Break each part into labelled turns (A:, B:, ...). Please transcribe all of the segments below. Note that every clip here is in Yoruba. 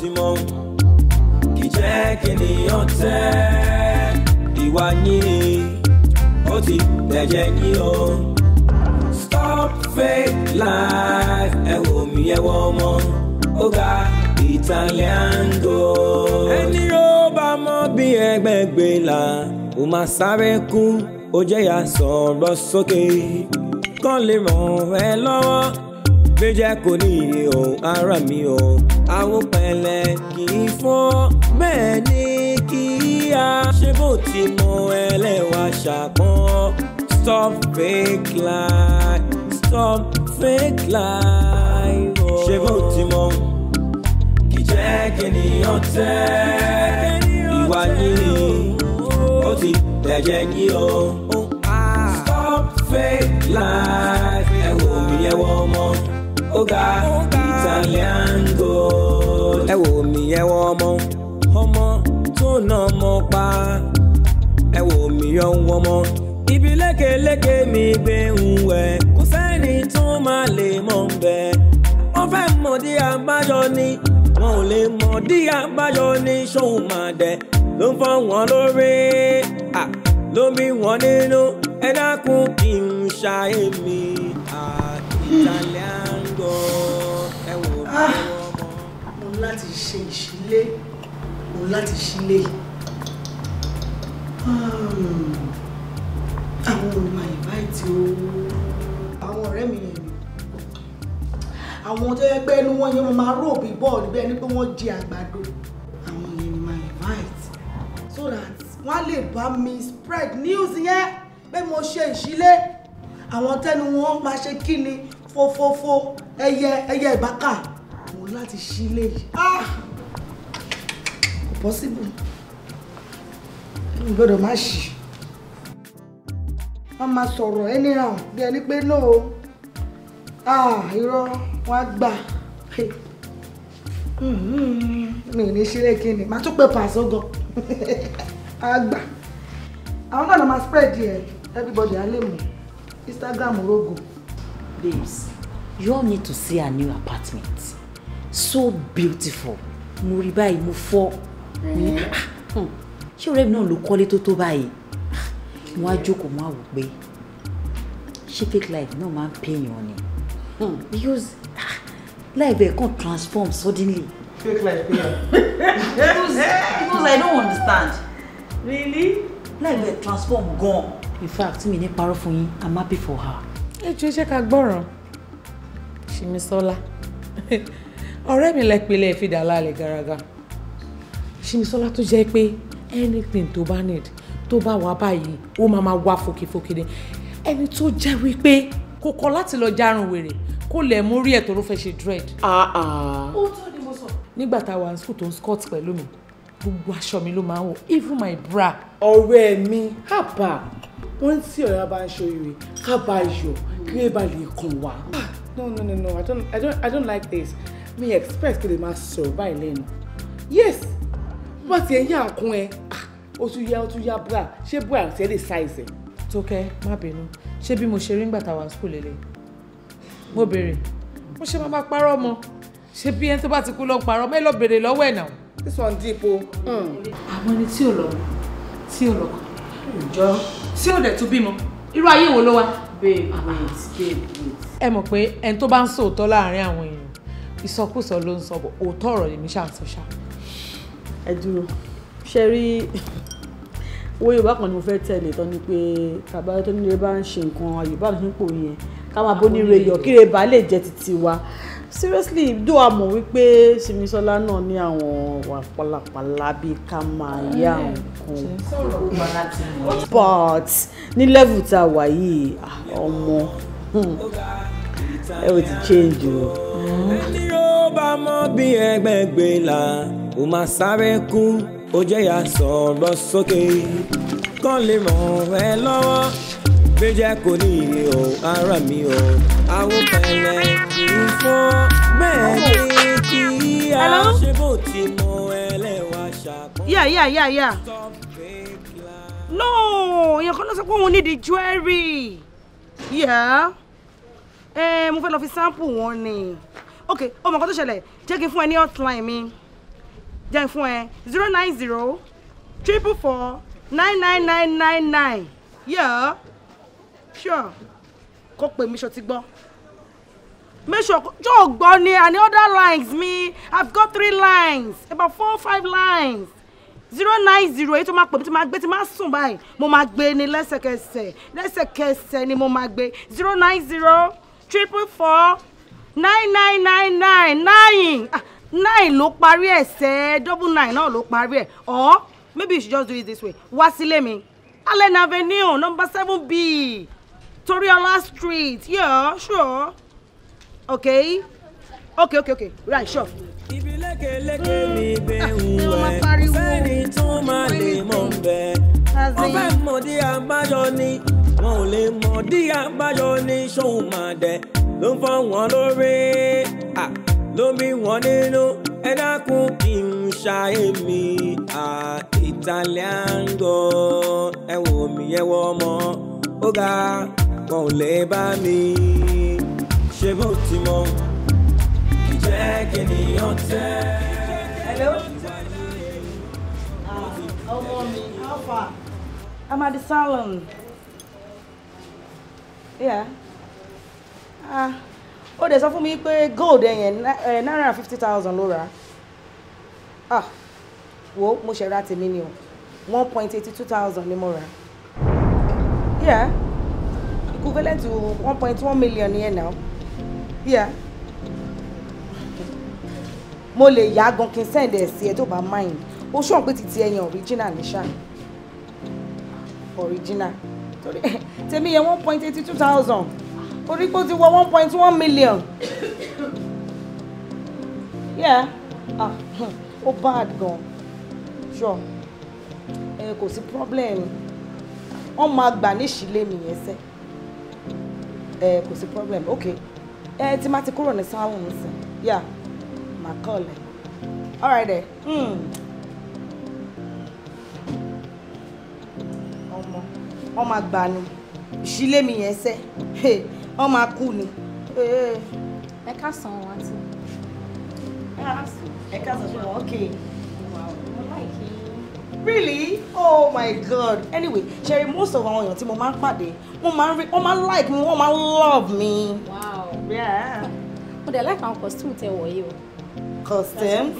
A: ti mọ̀ kì í jẹ́ kènìyàn tẹ́ ìwà yín ó ti bẹ̀jẹ̀ yín o. stop fake life ẹ wò mí ẹ wọ ọmọ ó ga Italian gold. ẹni ó bá mọ bí ẹgbẹ́gbẹ́ là ó máa sáré kú ó jẹ́ yà sọ̀rọ̀ sókè kán lè ràn ẹ́ lọ́wọ́ méjẹ́ kò ní iye ohun ara mi o àwọn pẹ̀lẹ́ kì í fọ́n bẹ́ẹ̀ ni kì í ṣé bó ti mọ ẹlẹ́wà ṣàpọ́n stop fake lie stop fake lie o oh. ṣé bó ti mọ kì í jẹ́ kẹ́niyàn tẹ́ ìwà yìí ó ti tẹ̀jẹ̀ kí o oh, ah. stop fake lie ẹ wò mí ọmọ. Oga ga Italian gold. ẹ wo mí ẹ wọ ọmọ ọmọ tó nà ọmọ pa ẹ wò mí ọ ń wọmọ ibi lékeleke mi gbé ń wẹ̀ kò sẹ́ni tó máa lè mọ̀ ń bẹ̀ wọ́n fẹ́ mọ̀ dí abájọ ni wọn ò lè mọ̀ dí abájọ ni ṣóun máa dẹ̀ ló ń fọ́ wọn lórí ló ń bí wọn nínú ẹ dákun kí n ṣàìmí àìtàlẹ́.
B: ilé mo láti sílé hmm. àwọn ọmọ àyíbáyì tí ó àwọn ọ̀rẹ́ mi yẹn ni àwọn tó yẹ pé ẹnu wọn yẹn mo máa rò bí bọ́ọ̀lù bẹ́ẹ̀ ni pé wọ́n jẹ àgbàdo àwọn yẹn ni my invite so that wọ́n á lè bá mi spread news yẹn pé mo ṣe ìṣílé àwọn tẹ́nu wọn máa ṣe kí ni fofofo ẹyẹ ẹyẹ ìbákà mo láti sílé yìí. Ah! possible mi gbọ́dọ̀ má ṣì wọ́n máa sọ̀rọ̀ anyhow bí ẹni pé no ah irọ́ wọn á gbà hmm, mi ò ní ṣeré kíni màá tún pé pàṣọ gan á gbà àwọn spread yẹ everybody á lè mú Instagram rogo. babes you all need to see our new apartment so beautiful Muribai rí báyìí Hmm. ṣé ọ̀rẹ́ mi náà ló kọ́lé tó tó báyìí mo á jókòó mo á pé ṣé fake life náà máa ń pèèyàn ni hmm. because ah, life ẹ̀ kàn transform suddenly. fake life pèèyàn. because because I don't understand. really. life ẹ̀ transform gan. in fact mi ní parọ́ fún yín I'm happy for her. ẹ jọ̀ọ́ ṣé ká gbọ́ràn Ṣìmísọ́lá ọ̀rẹ́ mi lẹ́pẹ̀lẹ́ ìfidàlálẹ̀ garaga. Ṣímisọ́lá tó jẹ́ pé anything tó bá need tó bá wà báyìí ó máa máa wá fòkèfòkè ni ẹni tó jẹ́ wípé kò kọ́ láti lọ járun wèrè kó lè mú rí ẹ̀ ló fẹ́ ṣe dread. ó tó ni mo sọ. nígbà tá a wà ní school tó ń scott pẹ̀lú mi gbogbo aṣọ mi ló máa ń wọ even my bra. ọ̀rẹ́ mi hábà wọ́n tí ọ̀rẹ́ bá ń ṣoyè kábà yọ kí lè bá lè kàn wá. Ah, no no no no i don't i don't i don't like this Me expect kí lè máa sọ̀rọ̀ báyìí lẹ́nu yes má ti ẹ̀ yá nǹkan ẹ o ah, tún yá o tún yá bra ṣé bra ti ẹ lè size ẹ. tókẹ́ má bínú ṣé bí mo ṣe rí ńgbà táwa school lélẹ̀ mo béèrè mo ṣe máa bá parọ́ mọ́ ṣé bí ẹni tó bá ti kú lọ ń parọ́ mẹ́lọ béèrè lọ́wọ́ ẹ̀ náà. sísọ ń dín ipò. àwọn ẹni tí ò lọ tí ò lọ kàn jọ tí ò dẹ̀ tún bímọ irú ayé wo ló wá. babe wait babe wait. ẹ mọ̀ pé ẹni tó bá ń sòótọ́ láàárín àwọn èèyàn ìsọkúsọ ló ń sọ bọ̀ òótọ́ ọ̀rọ̀ lèmi ṣàǹsọ̀ṣà ẹ ṣe rí owó yorùbá kan ni mo fẹ́ tẹ̀lé tán ni pé bàbá tó nílé bá ń ṣe nǹkan yorùbá tó ń pò yẹn ká máa bó ní reyọ̀ kí lè jẹ́ títí wa seriously do a mọ̀ wípé Simisola náà ní àwọn wà pálapàla bíi ká máa yá nǹkan but ní level tá a wà yìí ọmọ hmm,
A: ẹ ò ti change o. ẹni ló bá mọ bí ẹgbẹ́gbẹ́ là ó máa sáré kú ó jẹ́yà sọ̀rọ̀ sókè kán lè ràn ẹ́ lọ́wọ́ gbéjẹ́ kò ní iye o ara mi o àwọn pẹ̀lẹ́ ìfọ́ bẹ́ẹ̀ ni kí a ṣe bó ti mọ ẹlẹ́wà ṣàkóso.
B: no èèyàn kan ló sọ pé òun ní di jewelry yà ẹ eh, mo fẹ́ lọ fi sample wọn ni ok ọmọ kan tó ṣẹlẹ̀ jẹ́ kí n fún ẹ ní hotline mi jẹ́ fún ẹ zero nine zero triple four nine nine nine nine nine yẹ sure kó pè mí ṣó ti gbọ́ make sure yóò ni and the other lines mi i've got three lines about four five lines zero nine zero èyí tó máa pè mí tó máa gbé tí máa sùn báyìí mo máa gbé ni lẹ́sẹ̀kẹsẹ̀ lẹ́sẹ̀kẹsẹ̀ ni mo máa gbé zero nine zero triple four nine nine nine nine nine. Ah, nine ló parí ẹ̀ sẹ́ double nine náà ló parí ẹ̀ or maybe you should just do it this way wá sílé mi Allen Avenue number seven b Toriola Street yeah sure okay okay okay okay right sure.
A: ibi lékeleke ni ibẹ̀ wẹ̀ sẹ́ni tó máa lè mọ̀ bẹ́ẹ̀ ọbẹ̀ mọ̀dí àbájọ ni wọn ò lè mọ̀dí àbájọ ni ṣóun máa dẹ̀ ló ń fọ́ wọn lórí. Ah ló ń bí wọn nínú ẹ dákun kí n ṣa èmi à Italian God ẹ wò mí ẹ wọ ọmọ ó ga wọn ò lè bá mi ṣe bó ti mọ ìjẹ́ kìnìyàn tẹ́.
B: hello ah, ọmọ mi how far i'm at the salon yeah ah ó dẹ̀ sọ fún mi pé gold ẹ̀yẹn náírà fifty thousand ló rà á ah, wo mo ṣe ra tèmi ni o one point eighty two thousand ni mo rà yeah equivalent to one point one million yẹn now yeah mo lè yá gan kí n send ẹ̀ sí ẹ tó bá mind ó ṣùgbọ́n pé titi ẹ̀yẹn original ní ṣá original torí tèmi yẹn one point eighty two thousand torí pé ó ti wọ one point one million yeah ah hmm. ó bad gan sure ẹ kò sí problem wọ́n máa gbà níṣìlẹ̀ nìyẹn sẹ́ ẹ kò sí problem ok ẹ ti má ti kúrò ní sáwọn nsìn yeah màá kọ́ ọ lẹ́yìn. All right there. Hmm. Ọmọ, ọmọ àgbà ni. Ìṣílé mi yẹn sẹ́ wọ́n máa kú ni. Eh, eh. ẹ ká san wọn àti. ẹ ká san ṣùgbọ́n ok. Really? Oh my God. Anyway, Sherry, most of àwọn èèyàn tí mo máa ń pàdé, wọ́n máa ń rí, wọ́n máa ń like me, wọ́n máa ń love me. Wow. Yeah. Mo dẹ̀ like àwọn costume tẹ wọ̀ yìí o. Costumes?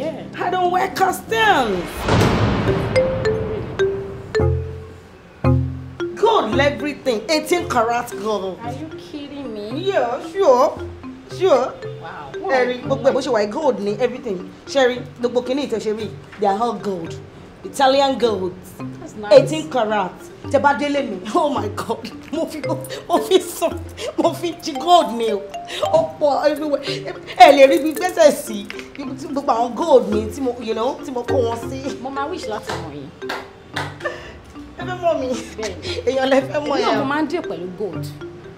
B: Yeah. I don't wear costumes gold everything, 18 karat gold. Are you kidding me? Yeah, sure, sure. Wow. Ẹ̀rí look ẹ̀ bó ṣe gold ni everything. Ṣẹ́rí gbogbo kìíní ìtẹ̀ ṣe rí they are all gold. Italian gold. That's nice. 18 karat. Tẹ bá délé mi, oh my god, mo fi mo fi sùn, mo fi jí gold nail. Oh boy, everywhere. Hey, lè we better see. sí gbogbo àwọn gold you know, mo kó wọn sí. wish lots of money fẹ́ mọ̀ mi èèyàn lẹ fẹ́ mọ̀ yẹn. èmi náà mo máa ń dè pẹ̀lú gold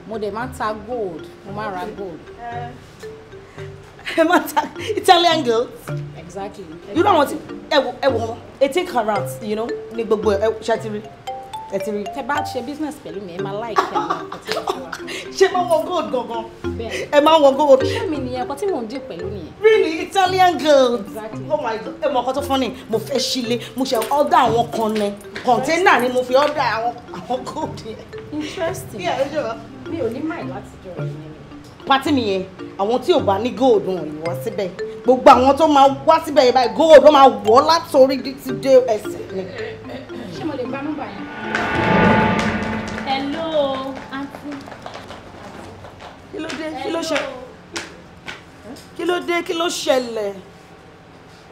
B: mo dẹ̀ máa ń ta gold mo máa ra gold. ẹ máa ta Italian girls. exactly. irú àwọn tí ẹ wò wọn eighteen carats you know ní gbogbo ẹ ṣe ti rí ẹ ti rí tẹ bá ṣe business pẹ̀lú mi ẹ máa láìkí àwọn àkọsí ìṣòro. ṣé máa wọ gold gangan. bẹ́ẹ̀ ẹ máa wọ gold. iṣẹ́ mi nìyẹn ẹkọ tí mò ń dì pẹ̀lú nìyẹn. really italian girl. exactly oh my god ẹ mọ ọkọ tó fún ni mo fẹ́ ṣílé mo ṣe ọ́dà àwọn kan ní kọ̀ńténà ni mo fi ọ́dà àwọn gold yẹn. interesting mi ò ní máì láti jọ ìyẹn. pátí mi yẹn àwọn tí ò bá ní gold wọn yìí wá síbẹ̀ gbogbo àwọn tó máa wá síbẹ̀ yẹn báyìí gold wọn máa wọ̀ látòrí títí dé ẹsẹ̀ ni. ṣé mo lè gba nọ́mbà yẹn?
C: hello aunty.
B: kí ló dé kí ló ṣe kí ló dé kí ló ṣẹlẹ̀.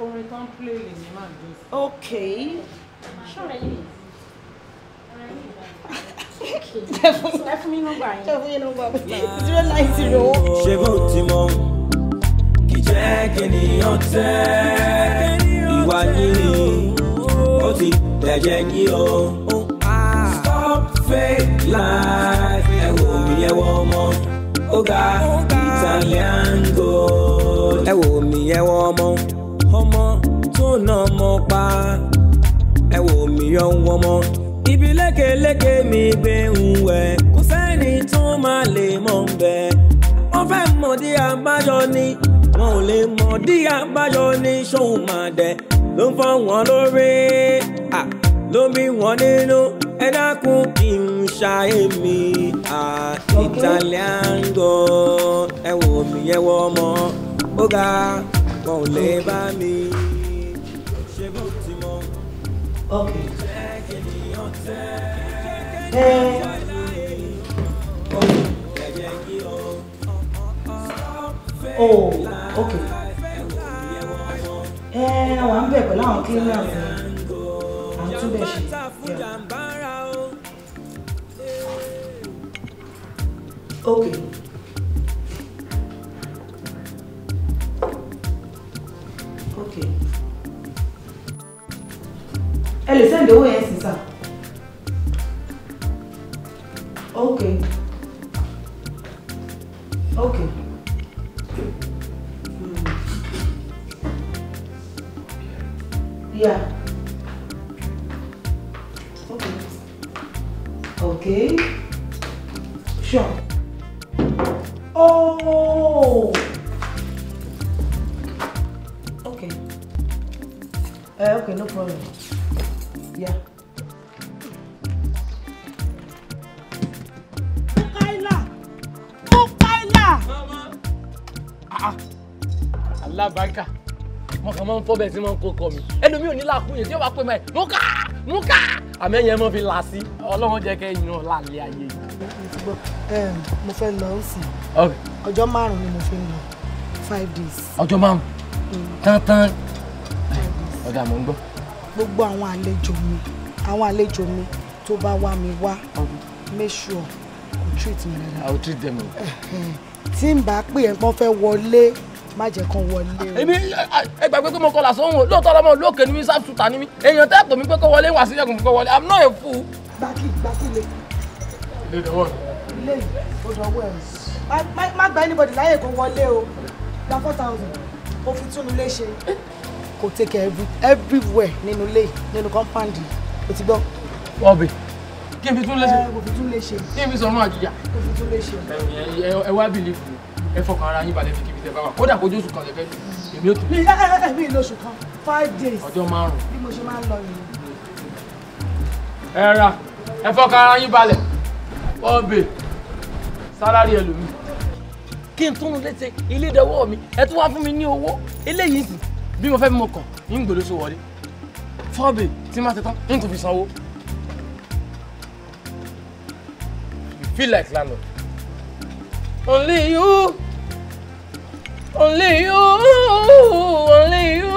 B: orin tó ń lè ní màá dé. ok. ṣọ́ọ̀rẹ́ ẹ fún mi nọ́mbà yẹn. zero
C: nine zero.
A: ṣé jẹ́ kènìyàn tẹ́ ìwà yìí ó ti tẹ̀jẹ̀ kí o perfect life ẹ wò mí ẹ wọ ọmọ ọ̀gá Italian gold ẹ wò mí ẹ wọ ọmọ ọmọ tó nà ọmọ pa ẹ wò mí ẹ wọ ọmọ ibi lékeleke mi gbé ń wẹ̀ kò sẹ́ni tó máa lè mọ̀ ń bẹ̀ wọ́n fẹ́ mọ̀dí àbájọ ni wọn ò lè mọ̀dí àbájọ ni ṣóun máa dẹ̀ ló ń fọ́ wọn lórí. Ah ló ń bí wọn nínú ẹ dákun kí n ṣàìmí Italian God ẹ wò mí ẹ wọ ọmọ ó ga wọn ò lè bá mi ṣe bó ti mọ.
B: Eh. Oh, okay.
A: Ẹ eh, wà ń bẹ̀ pẹ̀lú àwọn cleaners tún bẹ̀ ṣe. ok.
B: ok. ẹ lè sẹ́ndì owó yẹn sí.
D: fọ́ bẹ́ẹ̀ sí mọ́ kó kọ́ mi ẹlòmíì ò ní làákùn yẹn tí yóò wá pè mọ́ ẹ̀ mú ká àmì ẹ̀yẹ mọ́ fi là sí ọlọ́run jẹ́ kẹ́ yan lálẹ́ ayé yìí.
B: mo fẹ́ lọ sí ọjọ́ márùn-ún ni mo fi lọ five days. ọjọ́
D: márùn-ún mm. tán tán ọjà mò ń gbọ́.
B: gbogbo àwọn àlejò mi àwọn àlejò mi tó bá wá mi wá make sure you treat me I will treat them. tí n bá pè é pọ́n fẹ́ wọlé má jẹ́ kán wọlé
D: o. èmi ẹ gbàgbé pé mo kọlà sóhun o lóòótọ́ ọlọ́mọ olóòkè ni mi sáà tuta ni mi èèyàn tẹ́ pè mí pé kó wọlé wà sí ẹ̀kùn kó wọlé i'm not a fool.
B: gbàkí gbàkí le.
C: ilé ìdánwò.
D: ilé
B: ìdánwò ẹ̀ má gba anybody láyè kó wọlé o gba four thousand kó fi túnú lé ṣe. kò take every everywhere nínú ilé nínú compound yìí o ti gbọ́.
D: ọbẹ̀ kí n fi tún lé eh, ṣe. kí n fi tún lé ṣe. kí fi sọ̀rọ̀ lé ṣe. ẹ wá bìlífù ẹ fọkàn ara yín balẹ̀ fi kíbi tẹ bá wà kódà kójú eh, eh, eh, oṣù kan lẹ́fẹ́ èmi ò tún. mi mi ìlú kan five days. ọjọ́ márùn-ún.
B: bí mo ṣe máa ń lọ nìyẹn.
D: ẹ ra ẹ fọkàn ara yín balẹ̀ ọbẹ̀ sálárì ẹlòmíì. kí n tún létí ilé ìdánwò mi ẹ tún wá fún mi ní owó eléyìí sì bí mo fẹ́ bí mo kàn ń gbòdóṣó wọlé fọ́ọ̀bì tí má ti tán ń tún fi sanwó. you feel like landlord. Only you Only you, only you. You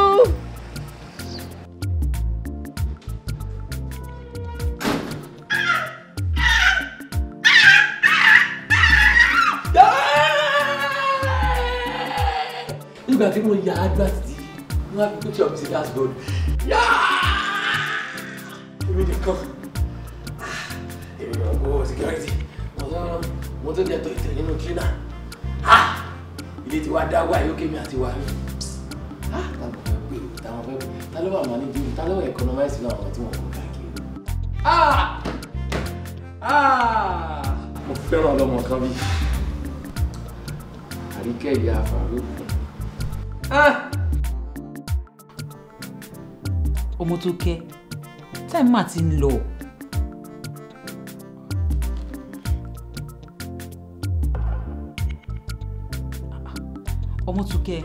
D: ah! got nígbà tí mo yà á gbà tí wọ́n á fi picture of the gas gold. èmi nìkan ah, èmi nìkan kó security mo tún jẹ tó ìtẹ̀ nínú cleaner ilé tiwa dá wà yókè mi àti wà yóò táwọn fẹ́ ta ló wà máa ní dìbò ta ló wà economize náà àwọn tí wọ́n kó káàkiri.
C: Ah!
A: Ah!
D: mo fẹ́ràn ọlọ́mọ kan bí àríkẹ́ ìyá àfàró.
A: Ah!
B: ọmọ tó kẹ́ táìmù àti ń lọ. Mọ́túkẹ́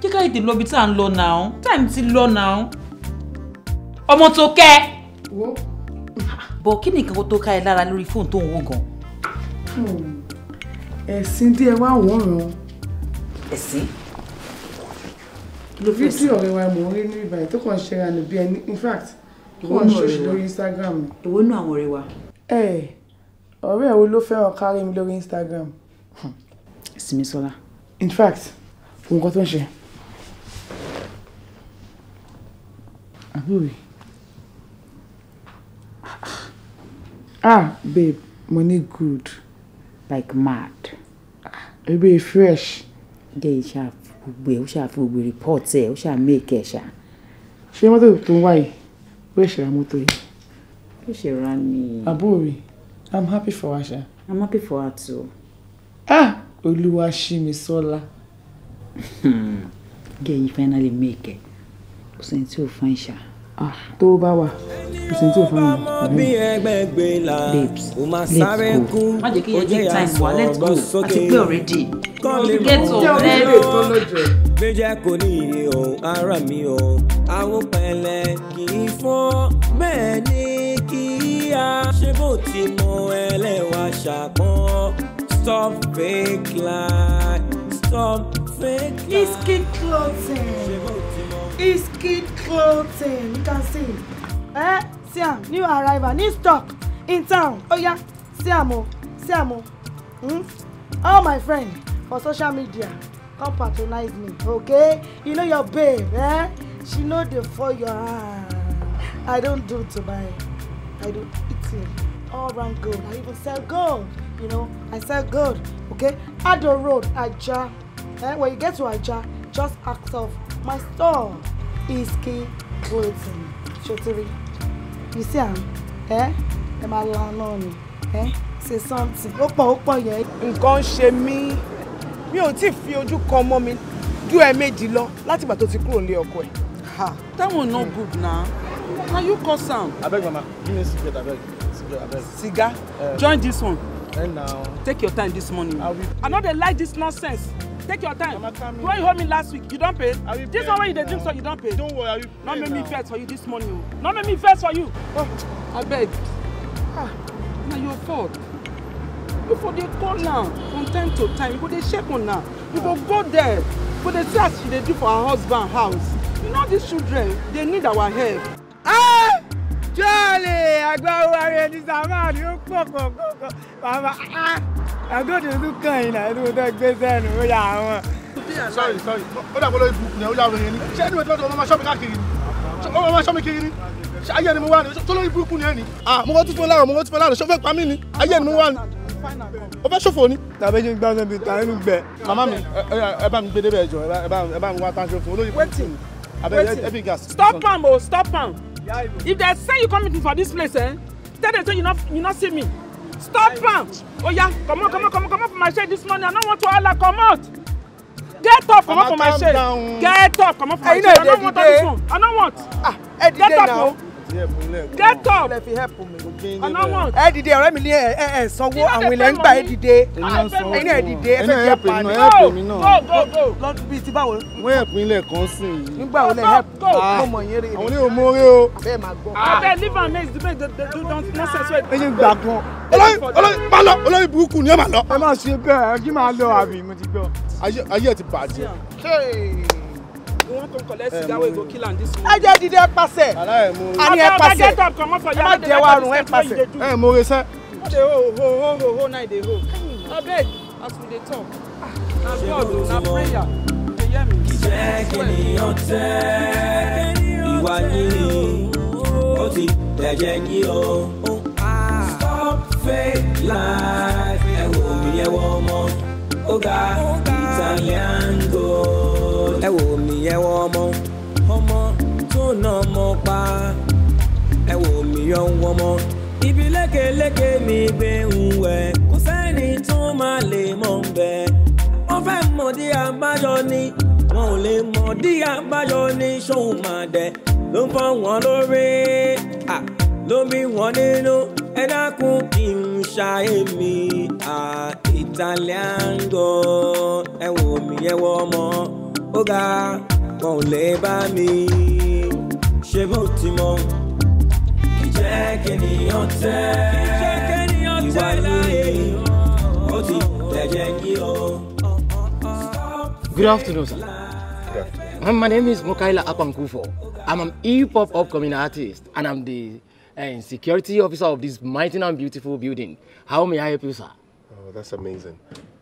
B: jẹ́ ká ètè lọ ibi tá à ń lọ náà time ti lọ náà ọmọ tó kẹ́
C: bọ̀ kí ni nǹkan tó ká ẹ lára lórí fóònù tó ń wò gan.
B: Hmm. ẹ̀sìn díẹ̀ wá wọ̀ràn. ẹ̀sìn lo fíìsì ọ̀rẹ́ wa mò ń rí ní ìbàdí tó kàn ṣe ra níbi ẹni in fact
C: wọ́n ń ṣòṣì lórí
B: instagram. èwo nú àwọn ọ̀rẹ́ wa. Eh, ẹ ọ̀rẹ́ wo ló fẹ́ràn kárí mi lórí instagram. Simisola in fact nǹkan tó ń ṣe àbúrò ah babe money good like mad ebe fresh jẹ́ ìṣá gbogbo ẹ̀ ó ṣáà fi gbogbo report ẹ̀ ó ṣáà make ẹ̀ ṣá. ṣé mọ́tò tó ń wáyé ó ṣe ra mọ́tò yìí. ó ṣe ra ni. àbúrò I'm happy for her I'm happy for her too. ah Olúwaṣímisọ́lá. Hmm. Girl, you finally make
A: it. Kò sẹ́ni tí ò fún ìṣà.
B: Ah, tó bá wà, kò sẹ́ni tí ò fún ìṣà.
A: Babes, let's go. Má jẹ́ kí yẹ take time wa, let's go. Àti pé already. Get already méjẹ́ kò ní iye òun ara mi o àwọn pẹ̀lẹ́ kì í fọ́ bẹ́ẹ̀ ni kì í ṣé bó ti mọ ẹlẹ́wàá ṣàpọ́n. Stop fake life. Stop fake life. It's kid clothing.
B: It's kid clothing. You can see. Eh, Siam, new arrival, new stock in town. Oh yeah, Siam o, Siam o. Hmm? All my friends for social media come patronize me, okay? You know your babe, eh? She know the for your hand. I don't do to buy. I do eating all round gold. I even sell gold you know i said good okay ado road aja eh when you get to aja just ask of my store is key clothing sotiri you see am eh ẹ máa la náà ni eh say something ó pọ̀ ó pọ̀ yẹn. nǹkan ń ṣe mí mi ò tí ì fi ojú kan mọ́ mi ju ẹ̀ẹ̀mejì lọ látìgbà tó ti kúrò nílé ọkọ
E: ẹ̀. that one no good na na you cause am. abeg mama give me cigarette abeg cigarette abeg. cigar eh. join this one. Hey, now. Take your time this morning. I
B: know they like this nonsense. Take your time. When you hold me last week, you don't pay. This one when you dey drink so you don't pay. Don't worry, I will Not make me vex for you this morning. Oh. Not make me vex for you. Oh, I beg. Ah, na your fault. You for dey call now from time to time. You go dey check on now. You go go there. You go dey see as she dey do for her husband house. You know these children, they need our help. Ah! jọ́ọ̀lì àgbà
E: orí ẹni sàmáà ni ó pọ̀ kọ̀ọ̀kan ah, bàbá
B: àgọ́dọ̀ tún kàn yín náà
E: tó tẹ́ gbé sẹ́nu ó yà wọ́n. sorry sorry ó dàgbọ́ lórí ibùkún yẹn ó yàwó yẹn ni ṣé ẹni wẹ́n tó ọmọ ṣọ́ọ̀bù káàkiri ni ọmọ ọmọ ṣọ́ọ̀bù kiri ni ṣé ayé ni mo wà ní tó lórí ibùkún yẹn ni. mo kọ́ tún fún láàrọ̀ mo kọ́ tún fún láàrọ̀ ṣó fẹ́ pa mí ni ayé ni mo wà ní o fẹ́ ṣòfò ni. tàbí ṣe ń gbá sẹ́bi tà nínú gbẹ. màmá mi ẹ bá mi gbé débẹ̀ ẹjọ́ ẹ bá mi wá tán ṣòfò olóyè. wetin wetin stop am o stop am. If they say you coming for this place, eh? Tell them say you not you not see me. Stop am. Oh yeah, come on, come on, come on, come on for my shade this morning. I don't want to holla, come out. Get up, come on for my shade. Get up, come on for my shade. I don't want all this one. I don't want. Ah, get up, oh get up
B: ọlọ́wọ̀n. ẹ dìde ọ̀rẹ́ mi ní ẹ ẹ sanwó àwọn ilẹ̀ ń gbà ẹ dìde ẹni ẹ dìde ẹ fẹ́ jẹ́ pani. go go go. lọ́dún bíi ti báwo.
F: wọ́n yẹ̀ pin ilẹ̀ kan sí i. nígbà wo
B: lẹ ah, help mo ah, mọ̀ yín rere. àwọn oníhòòhò mórè o. abẹ́ máa gbọ́. Ah. abẹ́ live and maize dupẹ́ tó don
E: necessary. eyín gbà gan. olóyè olóyè má lọ olóyè burúkú ni ẹ máa lọ. ẹ má ṣe bẹ́ẹ̀ kí máa lọ àbí mo ti gbọ́. ayé ẹ ti bàjẹ́ you dídé pàṣẹ àní ẹ pàṣẹ ẹ má jẹ́ wá rùn ẹ
B: pàṣẹ. ẹ mo re sẹ́. no dey ho ho
A: tẹ́ ìwà yìí ó ti dẹ̀jẹ̀ yìí o. Ah. stop fake life ẹ̀ wò mí wọ́n mọ́ ó ga Italian gold. ẹ wò mi ẹ wọ ọmọ ọmọ tó nà ọmọ pa ẹ wò mí yọ ń wọmọ ibi lékeléke mi gbé ń wẹ̀ kò sẹ́ni tó máa lè mọ̀ ń bẹ̀ wọ́n fẹ́ mọ̀ dí abájọ ni wọn ò lè mọ̀ dí abájọ ni ṣóun máa dẹ̀ ló ń fọ́ wọn lórí ló ń bí wọn nínú ẹ dákun kí n ṣàyè mi talẹ̀ à ń gbọ́ ọmọ ó ga wọn ò lè bá mi ṣe bó ti mọ. ìjẹ́ kènìyàn tẹ́ ìwà yìí ó ti dẹ̀jẹ̀ kí o. Good afternoon, sir. Good um,
D: afternoon. My name is Mukaila Akwankufo. I'm an hip hop upcoming artist and I'm the uh, security officer of this mighty and beautiful building. How may I help you, sir?
F: oh that's amazing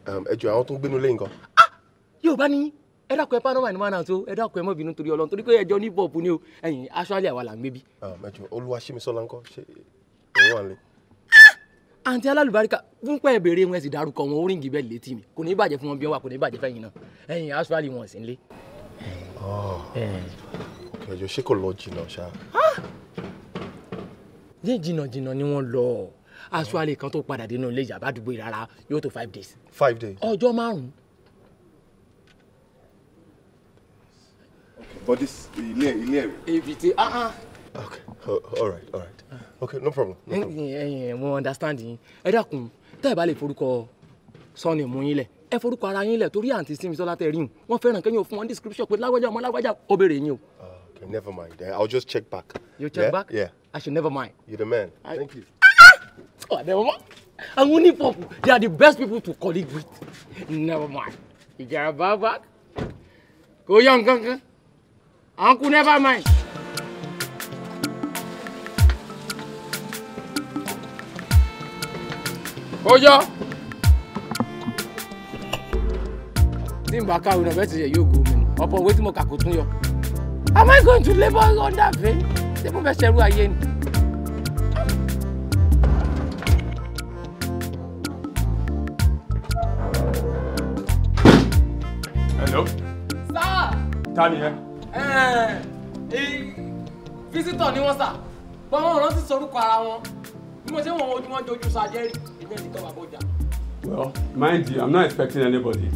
F: um, ẹjọ I want to be no kan. Ah,
D: bá ní ẹ dákun ẹ panorama ni wọn náà tó ẹ dákun ẹ mọ bínú torí Ọlọ́run torí pé ẹjọ ní bọọbù ni o ẹ̀yin aṣọálẹ àwa là ń gbé bí.
F: Ah, ẹjọ olúwa ṣé mi sọlá ńkọ́ ṣe
D: òun wà lẹ. Ah! àǹtí alálùbáríkà fún pẹ́ béèrè wọn sì dárúkọ wọn ó rìngì létí mi kò ní bàjẹ́ fún wọn bí wọn wà kò ní bàjẹ́ fẹ́yìn náà ẹ̀yin aṣọálẹ wọn sì ń lé.
F: ẹjọ ṣé kò lọ jìnnà ṣá.
D: yé ah! jìnnà ni wọ́n lọ aṣọ àlè kan tó padà dénú ilé ìyàbá àdúgbò ìrara yóò tó five days. five days. ọjọ́ márùn-ún. but this
F: ilé ilé ẹ̀rọ. ibi tí ah ah. okay oh, all right all right okay no problem.
D: ẹyin ẹ mo understand yín ẹ dákun tẹ́ ẹ bá lè forúkọ sọ́ọ̀nì mú yín lẹ̀ ẹ forúkọ ara yín lẹ̀ torí àǹtí Símisọ́lá tẹ̀ rí hùn wọ́n fẹ́ràn kẹ́yìn fún wọn description pé lágbájá ọmọ lágbájá ó yín o.
F: okay never mind i'll just check back. you check yeah? back. yeah. i should never mind. You're the man.
D: I... thank you. Oh, never mind. And only people, they are the best people to colleague with. Never mind. You get a bad bag? Go young, gang. Uncle, never mind. Ojo. Tí n bá káwé náà bẹ́ẹ̀ ti yẹ yóò go man. nù. Ọ̀pọ̀ òwe tí mo Am I going to labour under vein? They mo fẹ́ ṣerú again. ta ni ẹ. físítọ̀ ni wọ́n sà bọ́n wọn rántí sorúkọ ara wọn bí mo ṣe wọn ojú wọn jojú sàjẹ́rì èmi ti tọ́ bàbá
E: well mind you i'm not expecting anybody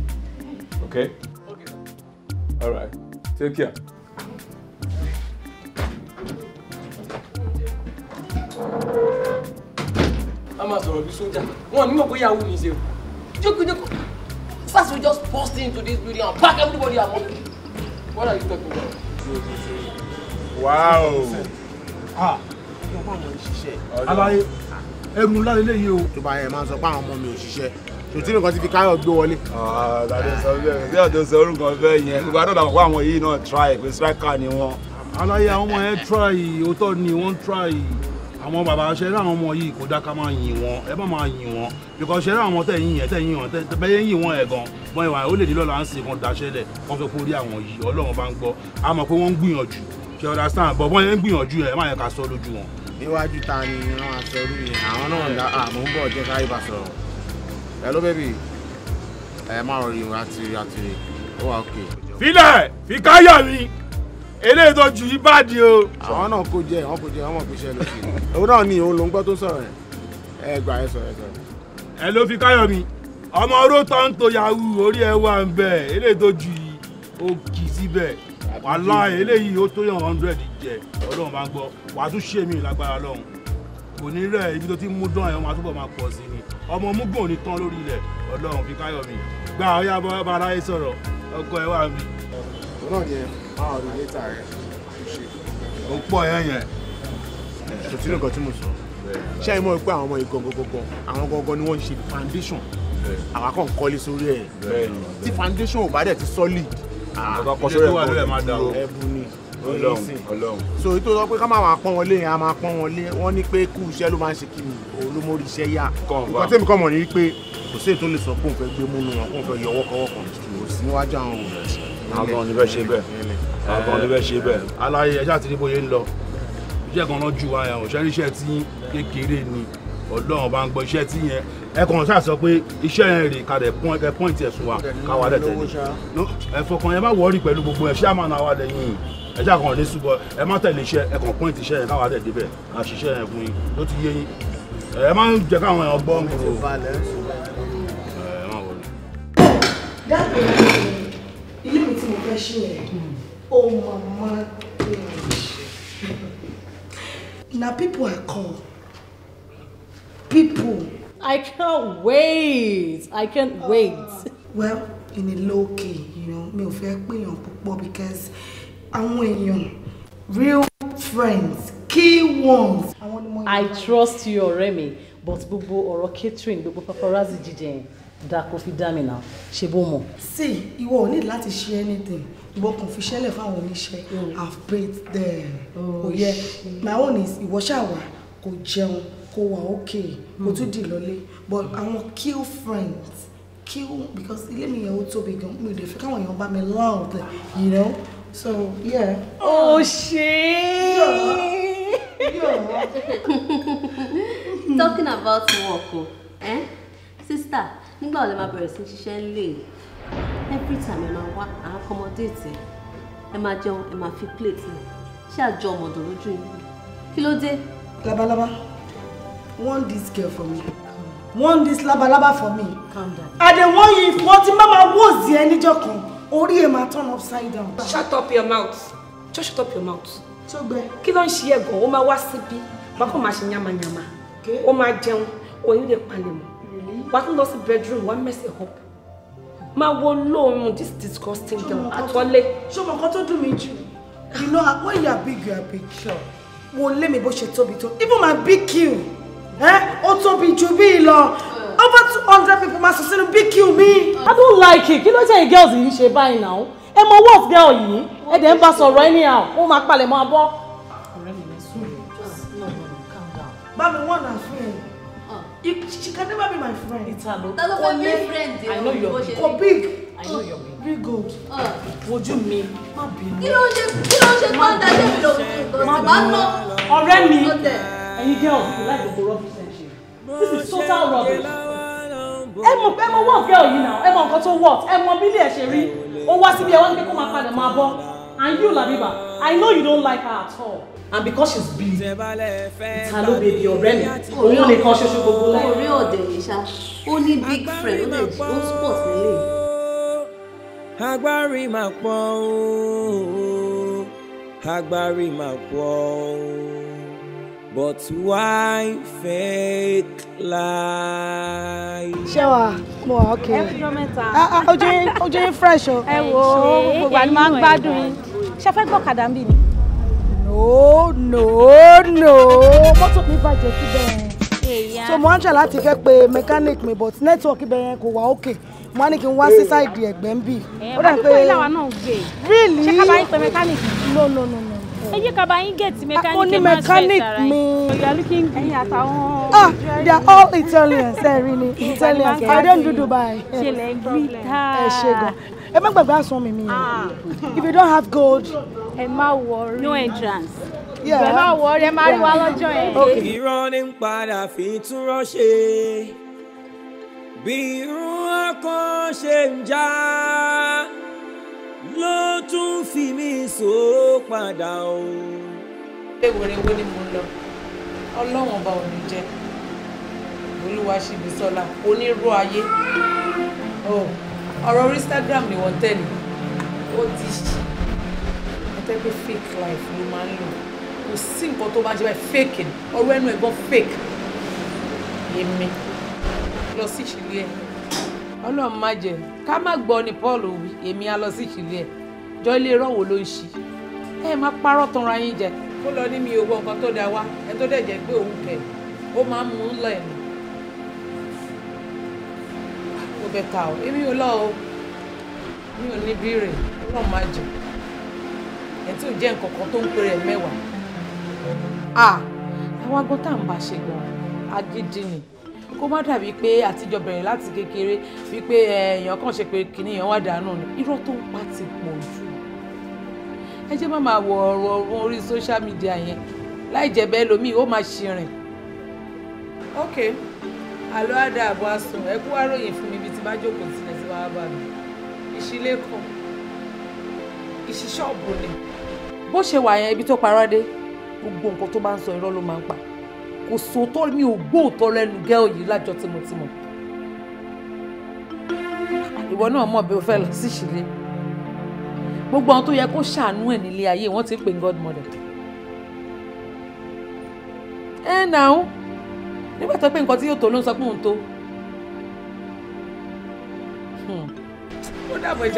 E: okay. okay sir. all right take care.
D: a máa sọ̀rọ̀ bí sójà wọn ní mọ̀ pé yahoo ní í ṣe o jókòó jókòó sars will just burst into this building and pack everybody out.
E: What are you talking about? Wow. Ah, yóò máa mọ ìṣiṣẹ́. Aláyé, ẹnu ńlá lélẹ́yìí o. Tó bá yẹ máa ń sọ pé àwọn ọmọ mi ò ṣiṣẹ́ tòtí nìkan ti fi káyọ̀ gbé wọlé. Ah, bí ọ̀dọ̀ sọ orúkọ fẹ́ yẹn gbogbo àdọ́dà wọ́n àwọn yìí náà try pé striker ni wọ́n. aláyé àwọn ọmọ yẹn try òótọ́ ni wọ́n try àwọn bàbá ṣe rí ọmọ yìí kò dáa máa yìn wọn ẹ bá máa yìn wọn because ṣe rí ọmọ tẹ̀ yìn yẹn tẹ̀ yìn wọn tẹ̀ bẹ́ẹ̀ yìn wọn ẹ̀ gan mọ ìwà ó lè dé lọ́la ń kan daṣẹ́ lẹ̀ wọ́n fẹ́ kó àwọn yìí ọlọ́run bá ń gbọ́ a mọ̀ pé wọ́n ń gbìyànjú ṣe understand but wọ́n yẹn ń gbìyànjú ẹ̀ má yẹ ká sọ lójú wọn. níwájú ta ni wọn aṣọ orí yẹn àwọn náà ń ń bọ̀ jẹ́ ká ibà sọ̀rọ̀ hello baby ẹ má rọrí àtìrì àtìrì ó wà okay. filẹ̀ fi káyà eléyìí tó ju ìbàdí o. àwọn náà kò jẹ àwọn kò jẹ àwọn kò ṣe lọ sí òun náà ni òun ló ń gbọ́ tó sọ̀rọ̀ ẹ̀ ẹ gbà ẹ sọ̀rọ̀ ẹ sọ̀rọ̀. ẹ ló fi káyọ̀mí ọmọ rótọ́ ń to yahoo orí ẹ wà ń bẹ eléyìí tó ju ó kì í síbẹ̀ wàhálà eléyìí ó tó yàn hundred jẹ ọlọ́run bá ń gbọ́ wàá tún ṣe mí lágbára lọ́hùn kò ní rẹ̀ ibi tó ti mú dán ẹ̀ wọ́n máa túbọ̀ máa pọ̀ sí ni ọmọ múgbọ̀n ní tán lórí ilẹ̀ ọlọ́run fi káyọ̀mí gba ọyá bá aráyé sọ̀rọ̀ ọkọ ẹ wà mí. òun náà máa rí létà rẹ̀ ṣe. ó pọ̀ yẹn yẹn. kò sínú nǹkan tí mo sọ ṣé ẹ mọ̀ pé àwọn ọmọ yìí gangan àwọn gangan ni wọ́n ń ṣe foundation àwa kàn kọ́lé sórí ẹ̀ tí foundation ò bá dẹ̀ ti solid.
C: ọ̀gá kọ́sọ́rọ̀ ẹ̀ bọ̀ ẹ̀
E: ni ọlọ́run ọlọ́run. so ètò sọ pé ká máa pọ́n wọn yẹn a máa pọ́n wọn wọ́n ní pé kú iṣẹ́ ló máa ń ṣe kí mi òun ló mórí iṣẹ́ yá. nǹkan tẹ́mi kọ́ mọ̀ ní pé kò sí ètò lè sọ pé òun fẹ́ gbé múnú wọn kó fẹ́ yọ ọwọ́kọwọ́ kan kò sí níwájú àwọn òun.
A: àwọn ọmọ ní bẹ́ẹ̀ ṣe bẹ́ẹ̀ àgbọn ló fẹ́ ṣe
E: bẹ́ẹ̀. aláyé ẹ ṣáà ti rí bóyá ń lọ iṣẹ́ kan náà ju àyà òṣèré tí kékeré ni ọlọ́run bá ń gbọ́ iṣẹ́ tí yẹn ẹ kàn ṣáà sọ pé iṣẹ́ yẹn rè kalẹ̀ ẹ pọ́ìntì ẹ̀sùn wa káwa dẹ̀ tẹ̀lé ẹ̀fọ́ kan yẹn bá wọ́ọ̀rì pẹ̀lú gbogbo ẹ̀ ṣáà máa na wa ẹ ṣáà kàn lé ṣùgbọ́n ẹ má tẹ̀lé iṣẹ́ ẹ kàn pọ́ìntì iṣẹ́ yẹn káwa dẹ̀ débẹ̀ àṣìṣe yẹn fún yín ló ti yé yín ẹ má jẹ́ káwọn èèyàn gbọ́ nǹkan o. ilé mi tí mo fẹ́ ṣí yẹn
B: o mama Now people are called.
C: People. I can't wait. I can't uh, wait.
B: Well, in a low key, you know, me ò fẹ́ pé èèyàn púpọ̀ because àwọn èèyàn real friends, key ones. I trust you Remy. but Bubu or catering, Bubu, paparazzi jíjẹ yẹn, dà kó fi dá mi náà, ṣe bó mọ̀. See, ìwọ ò ní láti ṣe anything ìwọ kàn fi ṣẹlẹ̀ fáwọn oníṣẹ́ oh. i've paid them oh, òye my own is ìwọ ṣàwà kò jẹun kò wà ókè kò hmm. tún dì lọlé but àwọn kill friends kill because ilé mi yẹn ó tóbi gan mi ò dé fẹ́ káwọn èèyàn bá mi loud you know so yeah. ó ṣe
C: é. talking about work o eh? sister nígbà wo lè máa bẹ̀rẹ̀ sí ṣiṣẹ́ lè every time ẹ máa wá à ń accommodate ẹ ẹ máa jẹun ẹ máa fi plate ẹ ṣé àjọ ọmọdé lójú yín kí ló dé.
B: labalábá want this girl for me want this labalábá for me i dey warn you if wọ́n ti má máa wòzì ẹ níjọ́ kan orí ẹ máa turn upside down. shut up your mouth just shut up your mouth. tó gbẹ. kí ló ń ṣe ẹ̀gàn ó máa wá síbí wàá kàn máa ṣe yamayama ó máa jẹun òun lè palẹ̀mọ́ wàá tún lọ sí bedroom wàá mess it up máa wo lóorun this disgusting girl àtọ́lé. ṣọmọ nǹkan to dùn mí jù you know when you are big you are big. Sure. wo lé mi bó ṣe tóbi tó even my big kill eh? ó tóbi jù bí lọ over two hundred people máa sọ sínú big kill mi. I don't like it kí ló jẹ́ girls yìí ṣe báyìí náà ẹ mọ wọ́ọ̀f girl yìí ẹ dẹ̀ ń bá sọ̀rọ̀ anyhow ó máa palẹ̀ mọ́ abọ́. ọ̀rẹ́ mi ní sùúrù bá mi wọ́n náà If she can never be my friend. Italo. That's friend. I oh, know you're big. Oh, big. good. know you're big. Big gold. Wojú mi. Má bínú. Kí ló ń ṣe kí
C: ló ń ṣe kó ń da ṣé mi lò
B: Ọ̀rẹ́ mi. Ẹyin girls kò láì gbogbo rubbish ẹ̀ This is total rubbish. Ẹ mọ̀ ẹ mọ̀ wọ́n girl yìí náà. Ẹ mọ̀ nǹkan tó wọ̀t. Ẹ mọ̀ bí ilé ẹ̀ ṣe rí. Ó wá síbi ẹ̀ wá ní pé kó máa padà máa bọ́. And you Labiba, I
C: know you don't like her at all
B: and because she's big ìtàló bèbí ọ̀rẹ́
C: mi òun lè kan ṣoṣo gbogbo láì. orí ọ̀dẹ̀ yìí ṣá ó ní big friend ó lè jí ó sport nílé.
A: agbárí máa pọ̀ ooo agbárí máa pọ̀ ooo but why fake life. ṣé wàá
B: mo wà ok. ẹ fi jọ mẹ́ta. Ah, ah, ojú yín fresh o. ẹ wo gbogbo àná máa ń gbádùn yín ṣe fẹ́ gbọ́ ń bì ni no no no mọ́tò mi bàjẹ́ síbẹ̀ so mo ń ṣe láti fẹ́ pe mechanic mi but network ibẹ̀ yẹn kò wá òkè mo ní kí n wá sí ṣáìdì ẹ̀gbẹ́ ń bì. ó dà pé really ṣé ká bá yín mechanic. no no no no. ẹ jẹ́ ká bá ah, mechanic ẹ máa ṣe ìtara yìí. you are looking good. àtàwọn. ah they are all Italians ẹ rí ni Italians I don't do Dubai. ṣe lè gbìtà. ẹ ṣe gan ẹ má gbàgbé àsun mi mi ah. if you don't have gold.
A: ẹ má
C: wọrí no entrance. ẹ má wọrí ẹ rí wa lọ́jọ́ yẹn.
A: irọ́ ní padà fi túnrọ́ ṣe bí irun ọkàn ṣe ń já ló tún fi mí sọ padà o. ewúrẹ́wé ni mo lọ ọlọ́run ọba ò ní jẹ́
B: olúwa ṣíbísọ́lá onírú ayé. Oh. ọ̀rọ̀ ọrịa Instagram ni wọ́n tẹ̀lé ó ti ẹ̀tẹ́ pé fake life ló máa ń lò kò sí nǹkan tó bá jẹ́ báyìí fake ẹnu ẹ̀gbọ́n fake èmi lọ sí ìṣìlẹ̀ ẹ̀ ọlọ́run má ká má gbọ́ ni Paul wí èmi á lọ sí ìṣìlẹ̀ ẹ̀ jọ ilé rọ́wọ́ ló ń ẹ má parọ́ yín jẹ
D: lọ ní mi tó wá ẹ tó dẹ̀ jẹ́ òun ó
B: bẹ́tà o èmi ò lọ o
D: mi ò ní bí rè ọlọ́run máa jẹ ẹ̀ tí ò jẹ́ nǹkan kan tó ń pèrè mẹ́wàá
B: à àwọn agbọ́n tá à ń bá ṣe gan agídí ni kó má dàbí pé àtijọ́ bẹ̀rẹ̀ láti kékeré wípé èèyàn kàn ṣe pé kìnìún yẹn wá dànù ni irọ́ tó ń pa ti pọ̀ jù ẹ jẹ́ má máa wọ ọ̀rọ̀ orí social media yẹn láì jẹ́ bẹ́ẹ̀ lómi ó máa ṣìrìn. okay àlọ́ àdàbọ̀ asùn ẹ kú wá ròyìn fún mi ibi tí bá jókòó tilẹ̀ tí wàá bá mi ìṣílé kan ìṣíṣọ́ọ̀bù ni. bó ṣe wà yẹn ibi tó parọ́ dé gbogbo nǹkan tó bá ń sọ irọ́ ló máa ń pa kò sóòótọ́ mi ò gbóòótọ́ lẹ́nu gẹ́ọ̀ yìí lájọ tìmọ̀tìmọ̀ ìwọ náà mọ̀ bí o fẹ́ lọ sí ìṣílé gbogbo àwọn tó yẹ kó ṣàánú ẹ̀ nílé ayé wọ́n ti pè godmother. ẹ náà nígbà tó pé nǹkan tí yóò tó ló ń sọ pé òun tó.
A: Hmm. ó dàbọ̀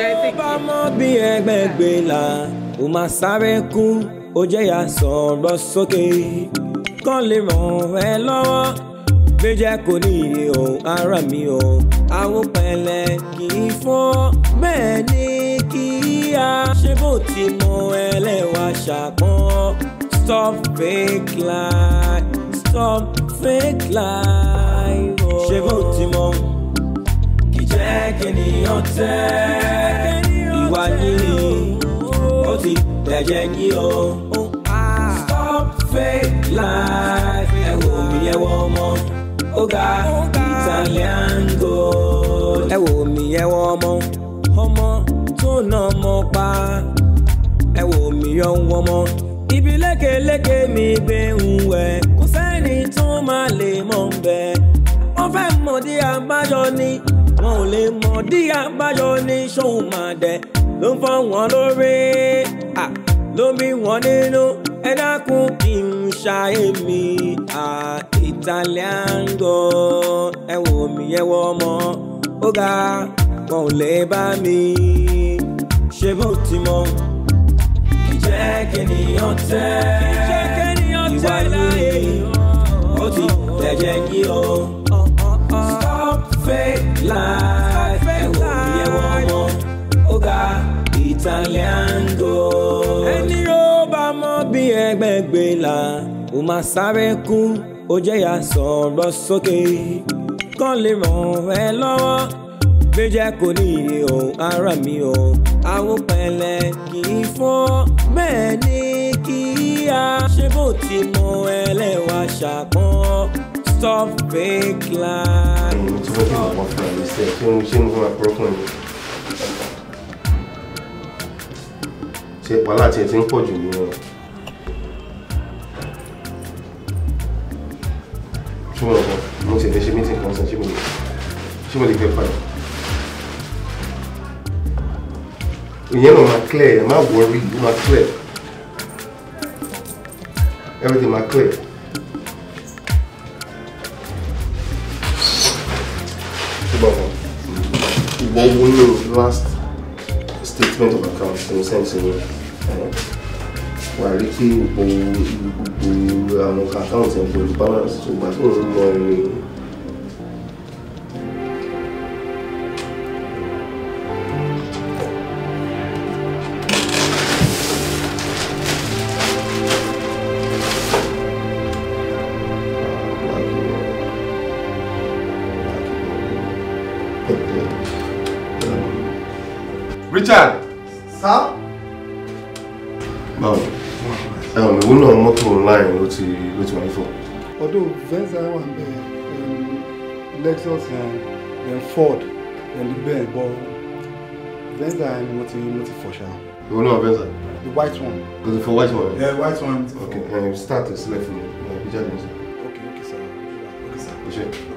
A: la ó máa sáré kú ó jẹ́ ìyá sọ̀rọ̀ sókè kán lè ràn ẹ́ lọ́wọ́ gbéjẹ́ kò ní iye ohun ara mi o àwọn pẹ̀lẹ́ kì í fọ́ bẹ́ẹ̀ ni kì í ṣé bó ti mọ ẹlẹ́wàá ṣàpọ́n stop fake life stop fake life. Oh. ṣé mo, ti mọ̀ kì jẹ́ kènìyàn tẹ́ ìwà yìí ó ti bẹ̀jẹ̀ yí o. stop fake life ẹ wò mí ẹ wọ ọmọ ọ̀gá Italian gold. ẹ wò mí ẹ wọ ọmọ ọmọ tó nà ọmọ pa ẹ wò mí ọ ń wọmọ ibi mi gbé ń wẹ̀ máa lè mọ̀ ń bẹ̀. wọ́n fẹ́ mọ̀ dí abájọ ni wọn ò lè mọ̀ dí abájọ ni ṣóun máa dẹ̀ ló ń fọ́ wọn lórí ló bí wọn nínú ẹ dákun kí n ṣá èmi Italian gan ẹ wò mí ẹ wọ ọmọ ó ga wọn ò lè bá mi ṣe bó ti mọ ìjẹ́ kẹ́niyàn tẹ́ ìwà yìí ó ti tẹ̀jẹ̀ yín o. stop fake life ẹ̀wọ̀n ìyẹ̀wò ọmọ ó ga Italian gold. ẹni ó bá mọ bí ẹgbẹ́gbẹ́ là ó máa sáré kú ó jẹ́yà sọ̀rọ̀ sókè kán lè ràn ẹ́ lọ́wọ́ gbẹjẹ kò ní iye ara mi o àwọn pẹ̀lẹ́ kì í fọ́ bẹ́ẹ̀ bóyá ṣé bó ti mọ ẹlẹ́wà ṣàpọ́n stop fake lie. mo ti wọ́n fún àyè sẹ́ẹ̀ kí n ṣe mo fún àpò ọkùnrin mi.
F: ṣe wàhálà tiẹ̀ ti ń pọ̀ jù nìyẹn. ṣùgbọ́n ọ̀kan mo ti lè ṣe mítìn kan sàn ṣé mo lè gbé padà. ìyẹn náà máa clear máa wọrí máa clear everything ma clear. ìgbà wo ni last statement of account tí sense, send sí mi eh, wà rí kí gbogbo gbogbo àwọn account ẹ̀ pẹ̀lú balance tó gbà tó ń Lexus and then Ford then the bọ́ but yẹn ni mo ti for sure. fọ̀ ṣá. ìwọ náà the white one. Because ti fọ white one. yeah white one. okay uh, start select for me. Okay, okay, sir. Okay, sir. Okay. ṣe.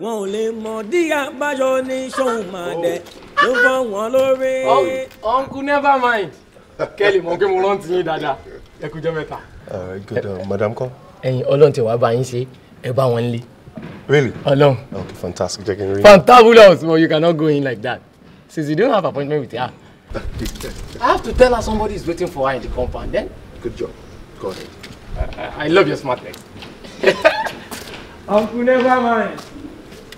A: wọn ò lè mọ dí àbáyọ ní sóhun oh. ló fọ wọn lórí. Oh, uncle never
D: mind kẹ́lì mọ̀ pé mo rántí yín dáadáa ẹ kú jẹ́ mẹ́ta.
F: Uh, madam kọ́.
D: ẹyin ọlọ́run tí wàá bá yín ṣe ẹ bá wọn lé. really ọlọ́run.
F: okay fantastic jẹ́ kí n rí.
D: fantabulous but you cannot go in like that since you don't have appointment with her.
F: I
D: have to tell her somebody is waiting for her in the compound then. Good job. Go ahead. I, I love your smartness.
A: Uncle, never mind.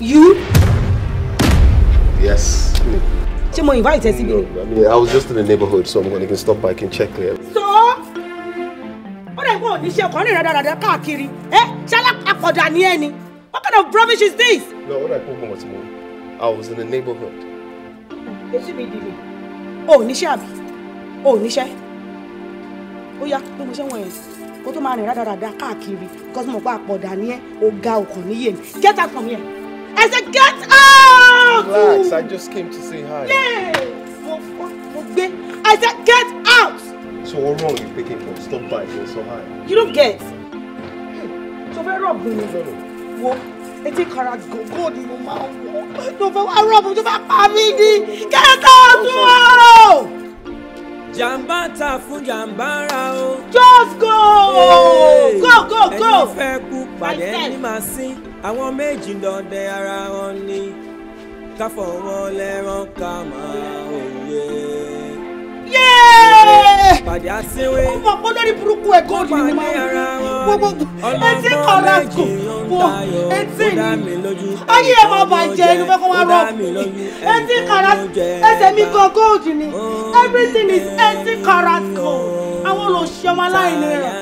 B: You? Yes. Ṣé mo invite ẹ No, I
F: mean, I was just in the neighborhood, so I'm going to stop by, and check here.
B: So? Ó dẹ̀ kó oníṣẹ́ ọkàn rìn rádaràdà káàkiri. Ẹ ṣé alápàkọ̀dà ni ẹ ni? What kind of rubbish is this?
F: No, ó dẹ̀ kó ogun ọ̀tí mọ́. I was in the neighborhood.
B: Oh, Nisha! Oh, Nisha! Oh yeah, àbí? O ò níṣẹ́? Ó yá, bí mo ṣe wọ̀n ẹ̀ kó tó máa rìn Get out from here. I said, get
F: out! Relax, I just came to say hi. Yes! I said, get out! So what wrong you picking for? Stop by here, so high. You don't get.
B: Hmm. So very wrong. No, no, no. What? I take her as go, go, the woman.
A: No, but I rob, you back family. Get out tomorrow! Jàmbá ta fún jàmbá o. Just go! Hey. Go, go, go! Ẹni fẹ́ kú pàdé ẹni máa sin àwọn méjì lọ́dẹ ara wọn ni ká fọwọ́ lẹ́rán ká máa òye. pàdé àsínwé ó mọ pé lórí burúkú ẹ̀ góòlù ni mo máa ń wò etí kan lágò wò etí mi ayé ẹ̀ máa bàjẹ́ inú fẹ́ kó wá rọ̀
B: etí kan ẹsẹ̀ mi gan góòlù ni everything is etí kan lágò àwọn olùṣọ́ ọmọ aláìlera.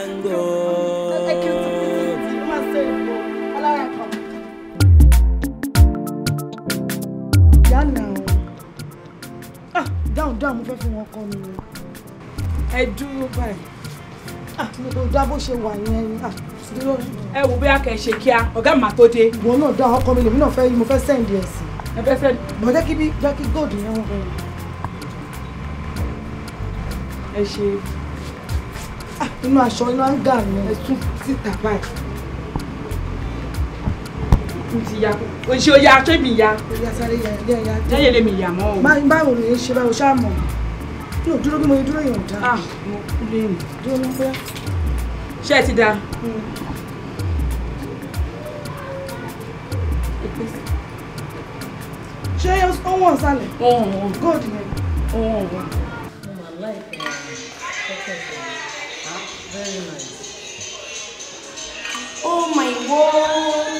B: dáhùn dáhùn mo fẹ́ fún wọn kọ́ mi ni. ẹ dúró báyìí. Ah, mo dá bó ṣe wà yẹn ni ah, ẹ wo bí a kẹ ṣe kíá ọ̀gá mà tó dé. ìwọ náà dá ọkọ mi lèmi náà fẹ́ mo fẹ́ sẹ́ǹdì ẹ̀ sí. ẹ fẹ́ sẹ́ǹdì. bọ̀ jẹ́ kí bí jẹ́ kí gold yẹn wọ́n fẹ́ mi. ẹ ṣe. Ah, inú aṣọ inú àǹgà mi. ẹ tún síta báyìí tún ti ya oṣù oya aṣọ èmi ya. oya ya ilé ẹ̀yà tó. jẹ́yẹ̀ lèmi yà mọ́ o. báwo ló ń ṣe báwo ṣáà mọ̀ yóò dúró bí mo ah mo kú lẹ́yìn. dúró ló ń pẹ́. ṣé ẹ ti da. Hmm. ṣé ó wọ̀n sálẹ̀. ọ̀hún ọ̀hún gold yẹn. ọ̀hún ọ̀hún.
C: mo máa eh, ah, very nice.
B: Oh my God!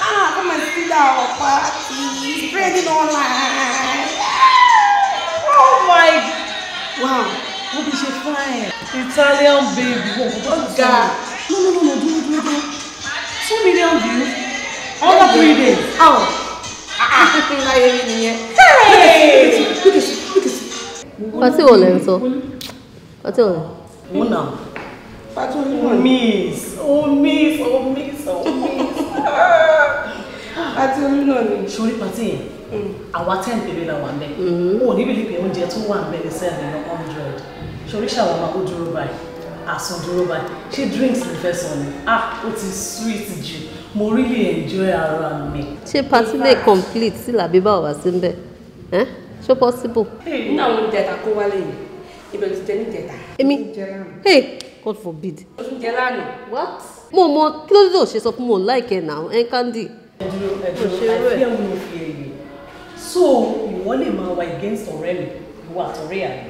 B: Ah, come and see our party. Spreading online. Oh my. Wow. What is your fine? Italian baby. Oh God.
C: No, no, no, no. no, no, no, it, do it.
B: Two million views. Under three days. How? Oh. Ah, ah. Hey! Look at this. Look at this.
C: Pati wo lẹ ń sọ? Pati wo lẹ? Mo na.
B: Pati wo lẹ ń Miss omi omi omi ah, àti orí náà ni. sori pati yẹn mm. àwa ten péré la wà mẹ o níbi lè pe oúnjẹ tó wà mẹ ní seven ní hundred sori ṣàwọn máa kó dúró báyìí àsùn dúró báyìí ṣé drinks lè fẹ́ sọ ni ah ó ti sweet jù mo really enjoy ara mi.
C: ṣé pati lè complete sí làbí bá wà sí nbẹ ṣó possible. nínú àwọn oúnjẹ ta kó wálé yìí ibẹ̀ ló ti jẹ ní ìjẹta. èmi God forbid. oúnjẹ what. mo mọ kí ló dé òṣè sọ fún mi ò láìkẹ́ náà ẹ̀ kandi. ẹ dúró ẹ dúró àìsí ẹ̀mú ló fi
B: èrè so ìwọ lè máa wà against ọ̀rẹ́ mi ìwọ àtọ̀rẹ́ àná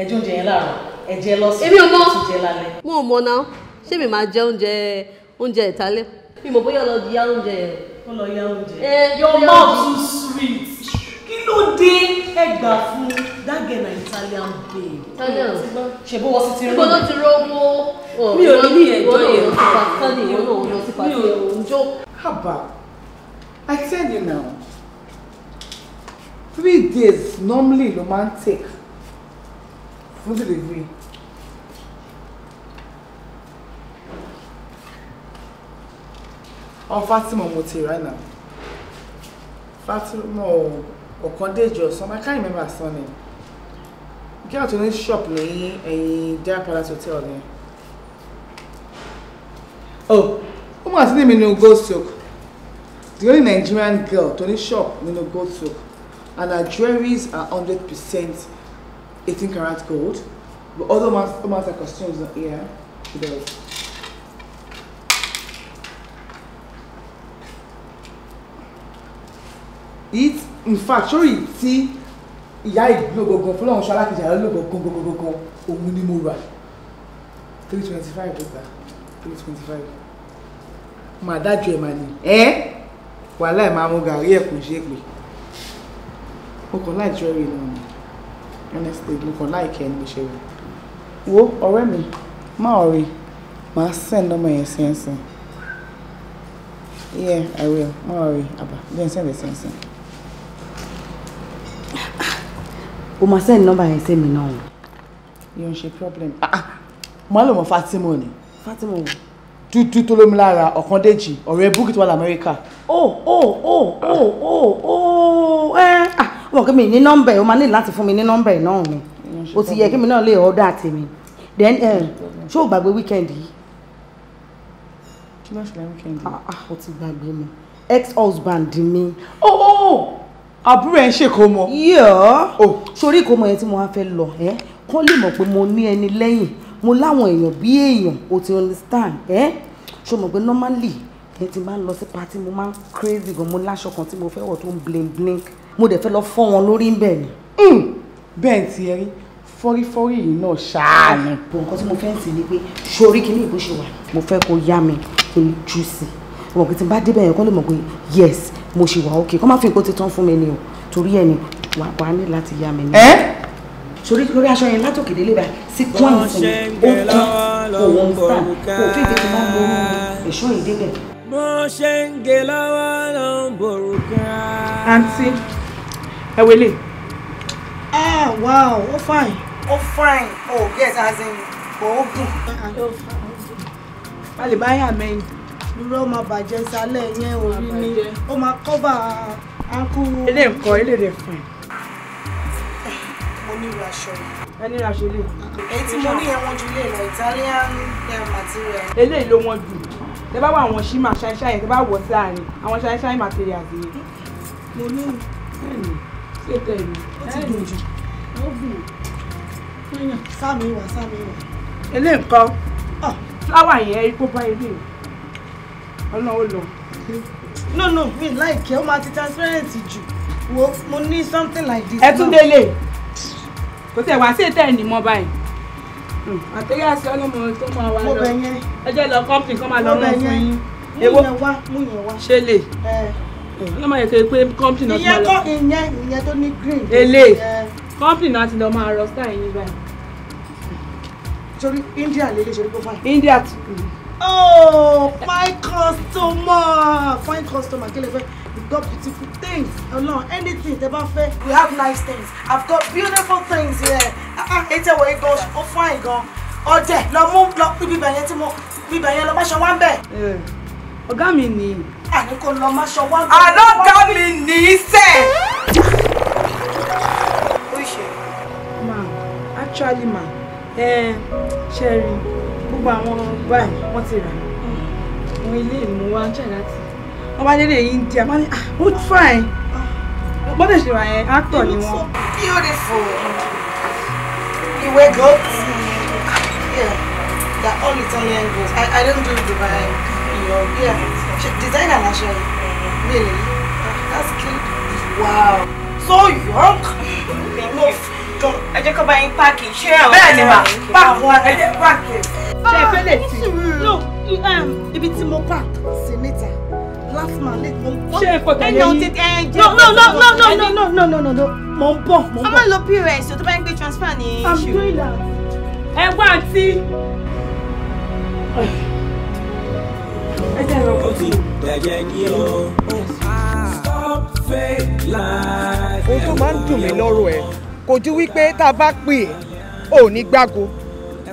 C: ẹjọ́ oúnjẹ yẹn láàárọ̀ ẹ̀jẹ̀ lọ́sàn-án èmi ò mọ ti jẹ lálẹ́. mo mọ náà ṣé mi máa jẹ oúnjẹ oúnjẹ ìtálẹ́ mi mọ̀ bóyá lọ di yá oúnjẹ yẹn. ó lọ yá oúnjẹ. Eh, your mouth too
B: sweet ló dé ẹgbà fún dágẹ̀nà Italian
C: babe ṣe bó wọ́n sì ti rí mi. ìbọn ló ti rówó mi ò ní ẹjọ́ yẹn pàtàkì
B: ìwọ náà lọ sí pàtàkì òǹjọ. haba I tell you now three days normally ló máa ń take fún delivery. on Fatima Moti right now. Fatima Okondeji or some, I can't remember her name. Girl to this shop ní ẹ̀yìn Dia Palace Hotel ni. Oh, ọmọ àti ní mi Gold Soak. The only Nigerian girl to this shop ní Gold Soak. And her jewelries are 100% 18 karat gold. But other man's, man's her costumes are here. She does. It's in fact sórí tí ìyá ìlú gangan fọlọ́run ṣọlá kejì àlọ́ gangan gangan òun ni mo rà three twenty five ló gbà three twenty five máa dájú ẹ̀ máa ní ẹ́ wàhálà ẹ̀ máa mú gàrí ẹ̀ kò ṣe é pé mo kàn láì jọ́rìí náà ni honestly mo kàn láì kẹ́ ẹ̀ ní ṣe rẹ̀ wo ọ̀rẹ́ mi máa rí màá send ọmọ yẹn sẹ́nsìn yeah i will máa rí àbá bí ẹ̀ ń sẹ́ndẹ̀ sẹ́nsìn. o máa send number yẹn sí mi náà o. yóò ń ṣe problem ah, ah. máa lò mọ Fatima ni. Fatima o. dúdú tó lómi lára Ọ̀kandéjì ọ̀rẹ́ búkì tó wà lamẹ́ríkà. o o o o o o ẹ ah wọn kí mi ní nọ́mbà o máa ní láti fún mi ní nọ́mbà náà ni o ti yẹ kí mi náà lè ọ̀dọ̀ àti mi then eh, ṣé o gbàgbé weekend yìí. kí ló ṣe lẹ́ weekend yìí. Ah, o ti gbàgbé mi ex-husband mi. o oh, o. Oh, oh! àbúrò ẹ̀ ń ṣèkómọ. yíyọ oh. sórí ìkómọ yẹn tí mo wá fẹ́ lọ ẹ kán lè mọ̀ pé mo ní ẹni lẹ́yìn mo láwọn èèyàn bí èèyàn o ti understand ẹ ṣo mọ̀ pé normally ẹ ti máa ń lọ sí party mo máa ń crazy gan mo láṣọ kan tí mo fẹ́ wọ̀ tó ń bling bling mo dẹ̀ fẹ́ lọ fọ́ wọn lórí ń bẹ̀ ni. Hmm. bẹ́ẹ̀ ti ẹ rí fọ́rífọ́rí yìí náà ṣáàlì. bọ̀ nǹkan tí mo fẹ́ sí ni pé sórí kí ní ìbò ṣe wà mo fẹ́ kó yá mi kí n jù sí i mo mọ̀ pé tí n bá débẹ̀ yẹn kọ́ lè mọ̀ pé yes mo ṣì wà òkè kọ́ máa fi nǹkan ti fún mi ni o torí ẹni wà wà ní láti yá mi ni. sori lórí aṣọ yẹn látòkè délé bá sí pọ́ǹtì ó tán kò wọ́n sá kò fi ìdíje máa ń borí ẹ̀ṣọ́ yìí débẹ̀.
A: mo ṣe ń gé lọ́wọ́ ló ń borúkà. àǹtí ẹ wele. ah wow ó fine. ó
B: fine oh yes as in kò ó gùn. a lè bá yà mẹ́yìn irú ọmọ bàjẹ́ sálẹ̀ yẹn orí ni ó máa kọ́bà ánkú. ilé nǹkan ilé rẹ̀ fún ẹ. mo ní aṣọ yìí. ẹ ní aṣọ ilé. èyí tí mo ní yẹn wọ́n ju ilé lọ Italian material. eléyìí ló wọ́n jù tẹ bá wọ àwọn ṣímà ṣáíṣáì tẹ bá wọ sí àárín àwọn ṣáíṣáì material yìí. mo ní ẹnì ṣé tẹ ẹnì. ó ti dùn jù. ó dùn. sáàmì wà sáàmì wà. ilé nǹkan. Ah. fúláwà yẹn epo bá ilé o ọ̀nà ó no no me like. ó máa ti transparent jù wo mo ní something like this. ẹ tún délé kò tẹ̀ wá sí ètò ẹ̀ ní mọ́ báyìí hmm. àtẹ́yà sí ọlọ́mọ tó máa wà lọ ẹjẹ́ lọ kọ́mpì kan máa lọ rán fún yín ewo ṣe lè ọlọ́mọ yẹ pé company náà ti máa lọ ìyẹn ìyẹn tó ní green. èlé kọ́mpì náà ti lọ máa rọ sáà yín báyìí. torí India lè lè ṣe é India oh my customer fine customer kí lè fẹ́ got beautiful things ọlọ́run anything tẹ bá fẹ́. we have nice things i've got beautiful things here ètò ah, ìwé ah, gan ó fine gan ọdẹ lọ mú lọ bíbẹ yẹn tí mo bíbẹ yẹn lọ bá ṣe wá ń bẹ. Eh, ọ̀gá mi nìyí. àní kò lọ má ṣọ wá. àlọ́ ọ̀gá mi nìyí sẹ́ẹ̀. ó ma actually ma eh, ṣe rí gbogbo àwọn báyìí wọ́n ti rà àwọn ilé ìmú wa ń jà láti wọ́n bá délé India wọ́n ní ah ó fine wọ́n lè ṣe wà yẹn actor ni wọ́n. beautiful you were good yeah that all Italian girls I, I don't do Dubai you yeah she, designer na she really that's cute wow so young. ẹ jẹ́ kó bá yín páàkì ṣé àwọn. bẹ́ẹ̀ ni ma páàkì wa ẹ jẹ́ páàkì. ṣe ẹ fẹ́ lè no um, ibi tí mo páàkì sí níta last man late mo ṣe ìfọ̀tẹ̀ lẹ́yìn no no no no no no no no no no no mo ń bọ̀ mo ń bọ̀. ọmọ ìlò pos tó bá ń gbé transfer ní ṣù. ẹ wá àǹtí.
A: ẹ jẹ́ ìrọ̀kọ̀. ó ti bẹ̀jẹ̀ ní stop fake life.
B: máa ń dùn mí lọ́rọ̀ ẹ̀ kò ju wípé tá a bá pè é ò ní gbágo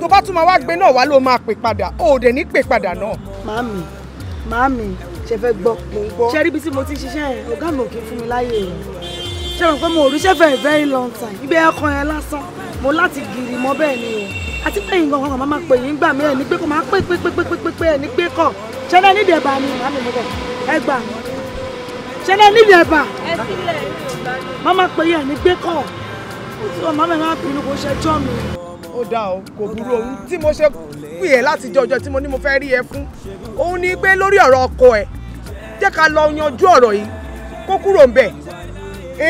B: tó bá tún máa wá gbé náà wá ló máa pè padà ò dẹ̀ ní pè padà náà. màámi màámi ṣe fẹ́ gbọ́ ṣe rí ibi tí mo ti ṣiṣẹ́ ọ̀gá mi ò kí fún mi láyè rẹ̀ ṣe rò pé mo ò ríṣẹ́ very very long time ibẹ̀ ẹ̀kọ́ yẹn lásán mo láti gìrì mọ́ bẹ́ẹ̀ ni o àti pé yín gangan máa pè yín gbà mí ẹ̀ ní pé kò máa pè pé pé pé pé pé ẹ̀ ní pé kọ̀ ṣe náà nídìí ẹ̀bà ni màámi mo bẹ̀ ẹ gbà ṣe náà nídìí ẹ̀bà máa pè yín ẹ̀ ní pé kọ̀ so màmá mi máa pinnu kó ṣẹjọ́ mi. ó dá o kò burú ohun tí mo ṣe pè é láti jọ ọjọ́ tí mo ní mo fẹ́ rí ẹ fún òun ni pé lórí ọ̀rọ̀ ọkọ ẹ̀ jẹ́ ká lọ yanjú ọ̀rọ̀ yìí kó kúrò ń bẹ̀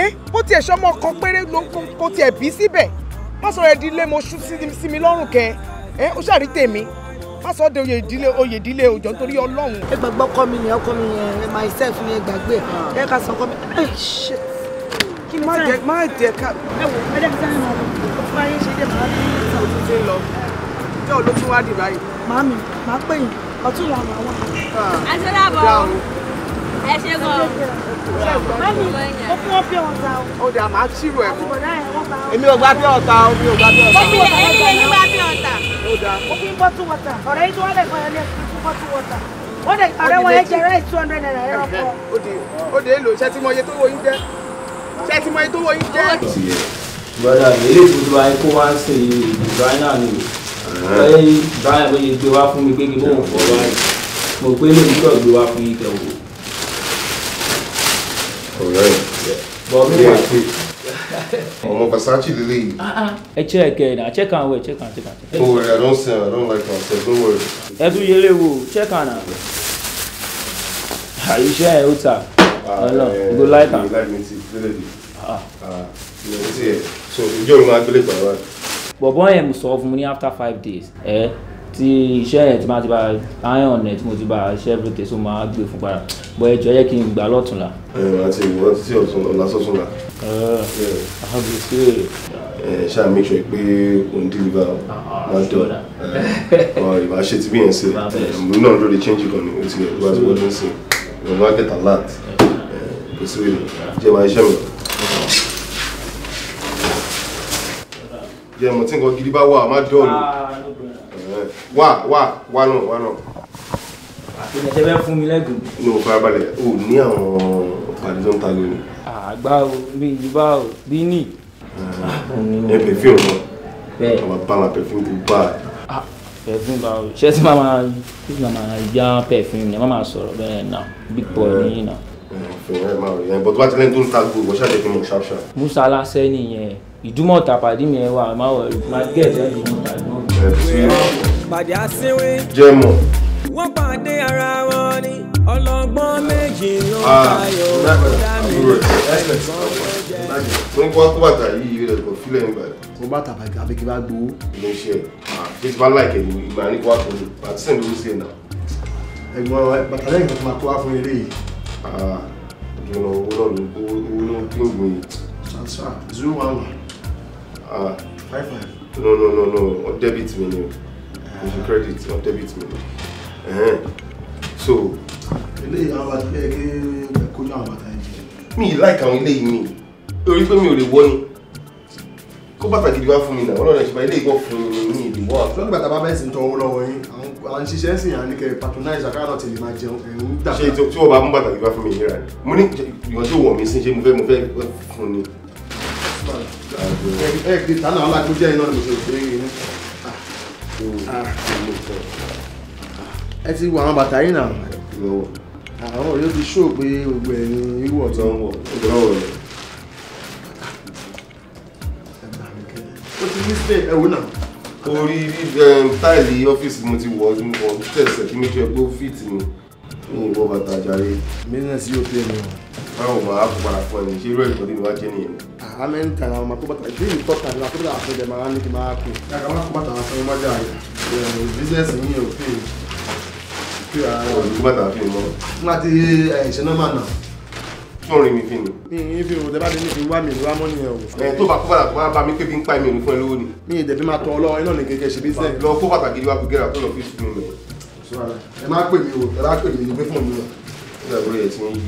B: ẹ́ bó tiẹ̀ sọ́mọ kan péré ló kó tiẹ̀ bí síbẹ̀ má sọ̀rọ̀ ìdílé mo ṣú sí mi lọ́rùn kẹ ẹ́ ó ṣàrí tèmi má de oyè ìdílé oyè ìdílé òjò nítorí ọlọ́run. ẹ gbàgbọ́ ọkọ mi yẹn ọkọ mi yẹn myself yẹn gbàgbé ẹ ká sọ ọkọ mi kí má jẹ má jẹ ká. ẹ wò ẹ dẹ́kun sáré mọ́ ọ bá yín ṣe dé màá bí ìtàn tó ṣe lọ ọjọ́ ló tún wá dì báyìí. màámi màá pè yín ọtún wà máa wà. o. ó
C: o mi ò gba pure water. èmi
B: lè èmi lè ní gba pure water. ó dà. ó fi bottle water ọ̀rẹ́ yìí tó wà lẹ́kọ̀ọ́ yẹn lè fi bottle water wọ́n dẹ̀ ọ̀rẹ́ wọn yẹn jẹ́ rice two hundred naira ẹ̀rọ de èlò iṣẹ́ tí mo yẹ tó wọ yín jẹ́
E: ṣe ti mọ ìtòwò yìí jẹ́. brother mi ilé ìfowópamọ́ wa kó wá ń ṣe
F: ìdìbáyà ni lọ́yẹ́ ìdìbáyà ló yẹ gbé wá fún mi pé kí bóun fọ́ wá mo gbé lórí tó gbé wá fún ìtẹ̀ wò. bọ́ mi wà sí. ọmọ Versace lélẹ́yìí.
A: ẹ check ẹ na check am well check am check am. Oh, don't worry i don sell i
F: don like am sef don't worry.
A: ẹ tún yẹlẹ wo check am na. àyíṣẹ́ ẹ̀ ó ta. Ah, Ọlọ́run eh, go like am. Like
F: Ah. Ah. You know, see, so ǹjẹ́ òun máa gbélé pẹ̀lú wa?
A: Bọ̀bọ́ yẹn mo sọ fún mi ní after five days. Ẹ ti iṣẹ́ yẹn ti máa ti ba iron net mo ti ba iṣẹ́ everything so máa gbé e fún padà. Bọ̀ ẹ jọ yẹ kí n gbà lọ́tùnla.
F: Ẹ àti ìwọ sí ọ̀tún ọ̀la sọ́tún la.
E: Ẹ àbùsí.
F: Ẹ ṣáà make sure pé òun deliver ah, ah, máa dọ̀. Eh, Ọ̀ ìbá ṣe ti bí yẹn ṣe. Ìmúlò náà ló change ìkànnì òtí ẹ̀ wá ti wọlé ń sìn. Ìwọ̀n máa get alert kò sí wíwò jẹ́ máa iṣẹ́ mi lọ. jẹ́ mo tí nǹkan gidi bá wà má dọ́ọ̀lù wà wà wà náà wà náà. àtẹnudẹ bẹ fún mi ah inú o farabalẹ̀ o ní àwọn pàdésọ́ńtà lónìí.
C: Ah,
A: àgbà o bíi ìbá o bíi ní. Eh, ẹ pẹ̀fíùn
F: náà bẹ́ẹ̀ àwọn bá wọn pẹ̀fíùn tó bá a ah, perfume báwo ṣé
D: tí màmá yá
F: perfume ni màmá sọ̀rọ̀ bẹ́ẹ̀ náà big boy eh. ni yìí ìyẹn máa rí ti lẹ́yìn tó ń ta gbogbo ṣáà jẹ́ kí n mọ̀ ṣáṣá.
A: musa lásẹ̀ nìyẹn ìdúmọ̀tà pàdé mi ẹ̀ wà máa wẹ̀ máa gẹ̀ ẹ̀ jẹ́ ìdúmọ̀tà náà. jẹ́ wọ́n pàdé ara wọn
F: ni ọlọ́gbọ́n méjì ló ń tayọ̀ ọ̀dà mi mo ní kó wá yìí rẹ̀ kò fílẹ̀ nígbà yẹn. kó bàtà bàgà àbí kí bá gbowó. ilé iṣẹ́ àti bá láìkẹ́ ìgbà ní kó wá kó ní àti sẹ́ni ló ń ṣe náà. ẹ̀gbọ́n bàtà lẹ́yìn kan tó máa kó wá fún eré yìí you know, owó náà ló owó ló ń pín transfer zero one one. ah five five. no no no no on debit mi ni on the ah. credit on debit mi ni so.
E: Me like bàtà ẹ lay me? kójú àwọn me yẹn.
F: mi ì láìka àwọn eléyìí mi torí pé mi ò lè wọ́ ni kó bàtà gidi wá fún mi náà ọlọ́run ẹ̀ ṣe bá eléyìí wọ́ fún mi ní àwọn ṣiṣẹ́ sìn yàn ní kẹ́ patronize àkàrà ti lè máa jẹun ẹ̀rù ń dà. ṣé tí o bá mú bàtà gbígbá fún mi yìí rà ni mo ní ìwọ̀n tí wọ̀ mí sí ṣé mo fẹ́ mo fẹ́ fún ni. ẹ ẹ gbé tánà ọlá tó jẹ́ iná ni mo ṣe òfin yìí ní. ẹ ti wọ àwọn bàtà yìí náà. Ah, àwọn yóò fi ṣó pé gbogbo ẹ̀yìn ìwọ̀ tó ń wọ̀. ó ti ní sílẹ̀ ẹ̀wọ̀ náà orí eh, táìlì ọ́fíìsì mo ti wọ̀ ọ́ mo tẹ̀sẹ̀ kí mi jẹ́ pé ó mi ní ìwọ bàtà jàre. bísíǹsì yóò pè o. báwo máa kó padà fún ẹni ṣé irú ẹ̀kọ́ ni wàá jẹ́ nìyẹn. àmẹ́ ń tàn àwọn ọmọ akóbàtà ìdí ìlú tọ́ta ni akóbàtà àfẹ́ bẹ̀ máa ń ní kí máa kú. yàrá máa kó àfẹ́ máa jà rẹ̀ bísíǹsì mi ò tí mi fi ni. mi ì fi
E: òwò dẹ́bàdé ní fi wá mi wá mọ́ni ẹ̀ o. ẹ tó
F: bá kó bàtà wá bá mi pé kí n pa èmi ní fún ẹ lówó ni. mi ì dẹ̀bi máa tọ ọlọ́ iná ní kékeré ṣe bí sẹ́ẹ̀. lọ kó bàtà wá kó tó lọ fi sùn mi. ẹ má pè mí o ẹ má pè mí ní pé fún mi o. ó dàgbò ti ń yí.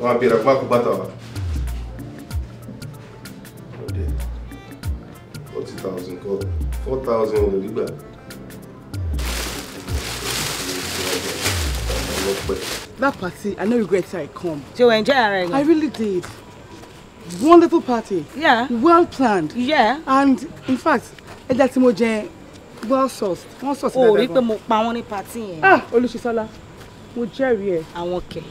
F: wọ́n á bẹ̀rẹ̀ kó bá kó bàtà forty thousand kọ́ four thousand ò nígbà. ọlọ́pẹ́.
B: That party, I no regret I come. Did you enjoy it? I really did. Wonderful party. Yeah. Well planned. Yeah. And in fact, ẹja tí mo jẹ well sourced. Oh, wọ́n source dáadáa. O party Ah Olúṣisọ́lá, mo jẹ́rìí ẹ̀. Àwọn kẹ̀.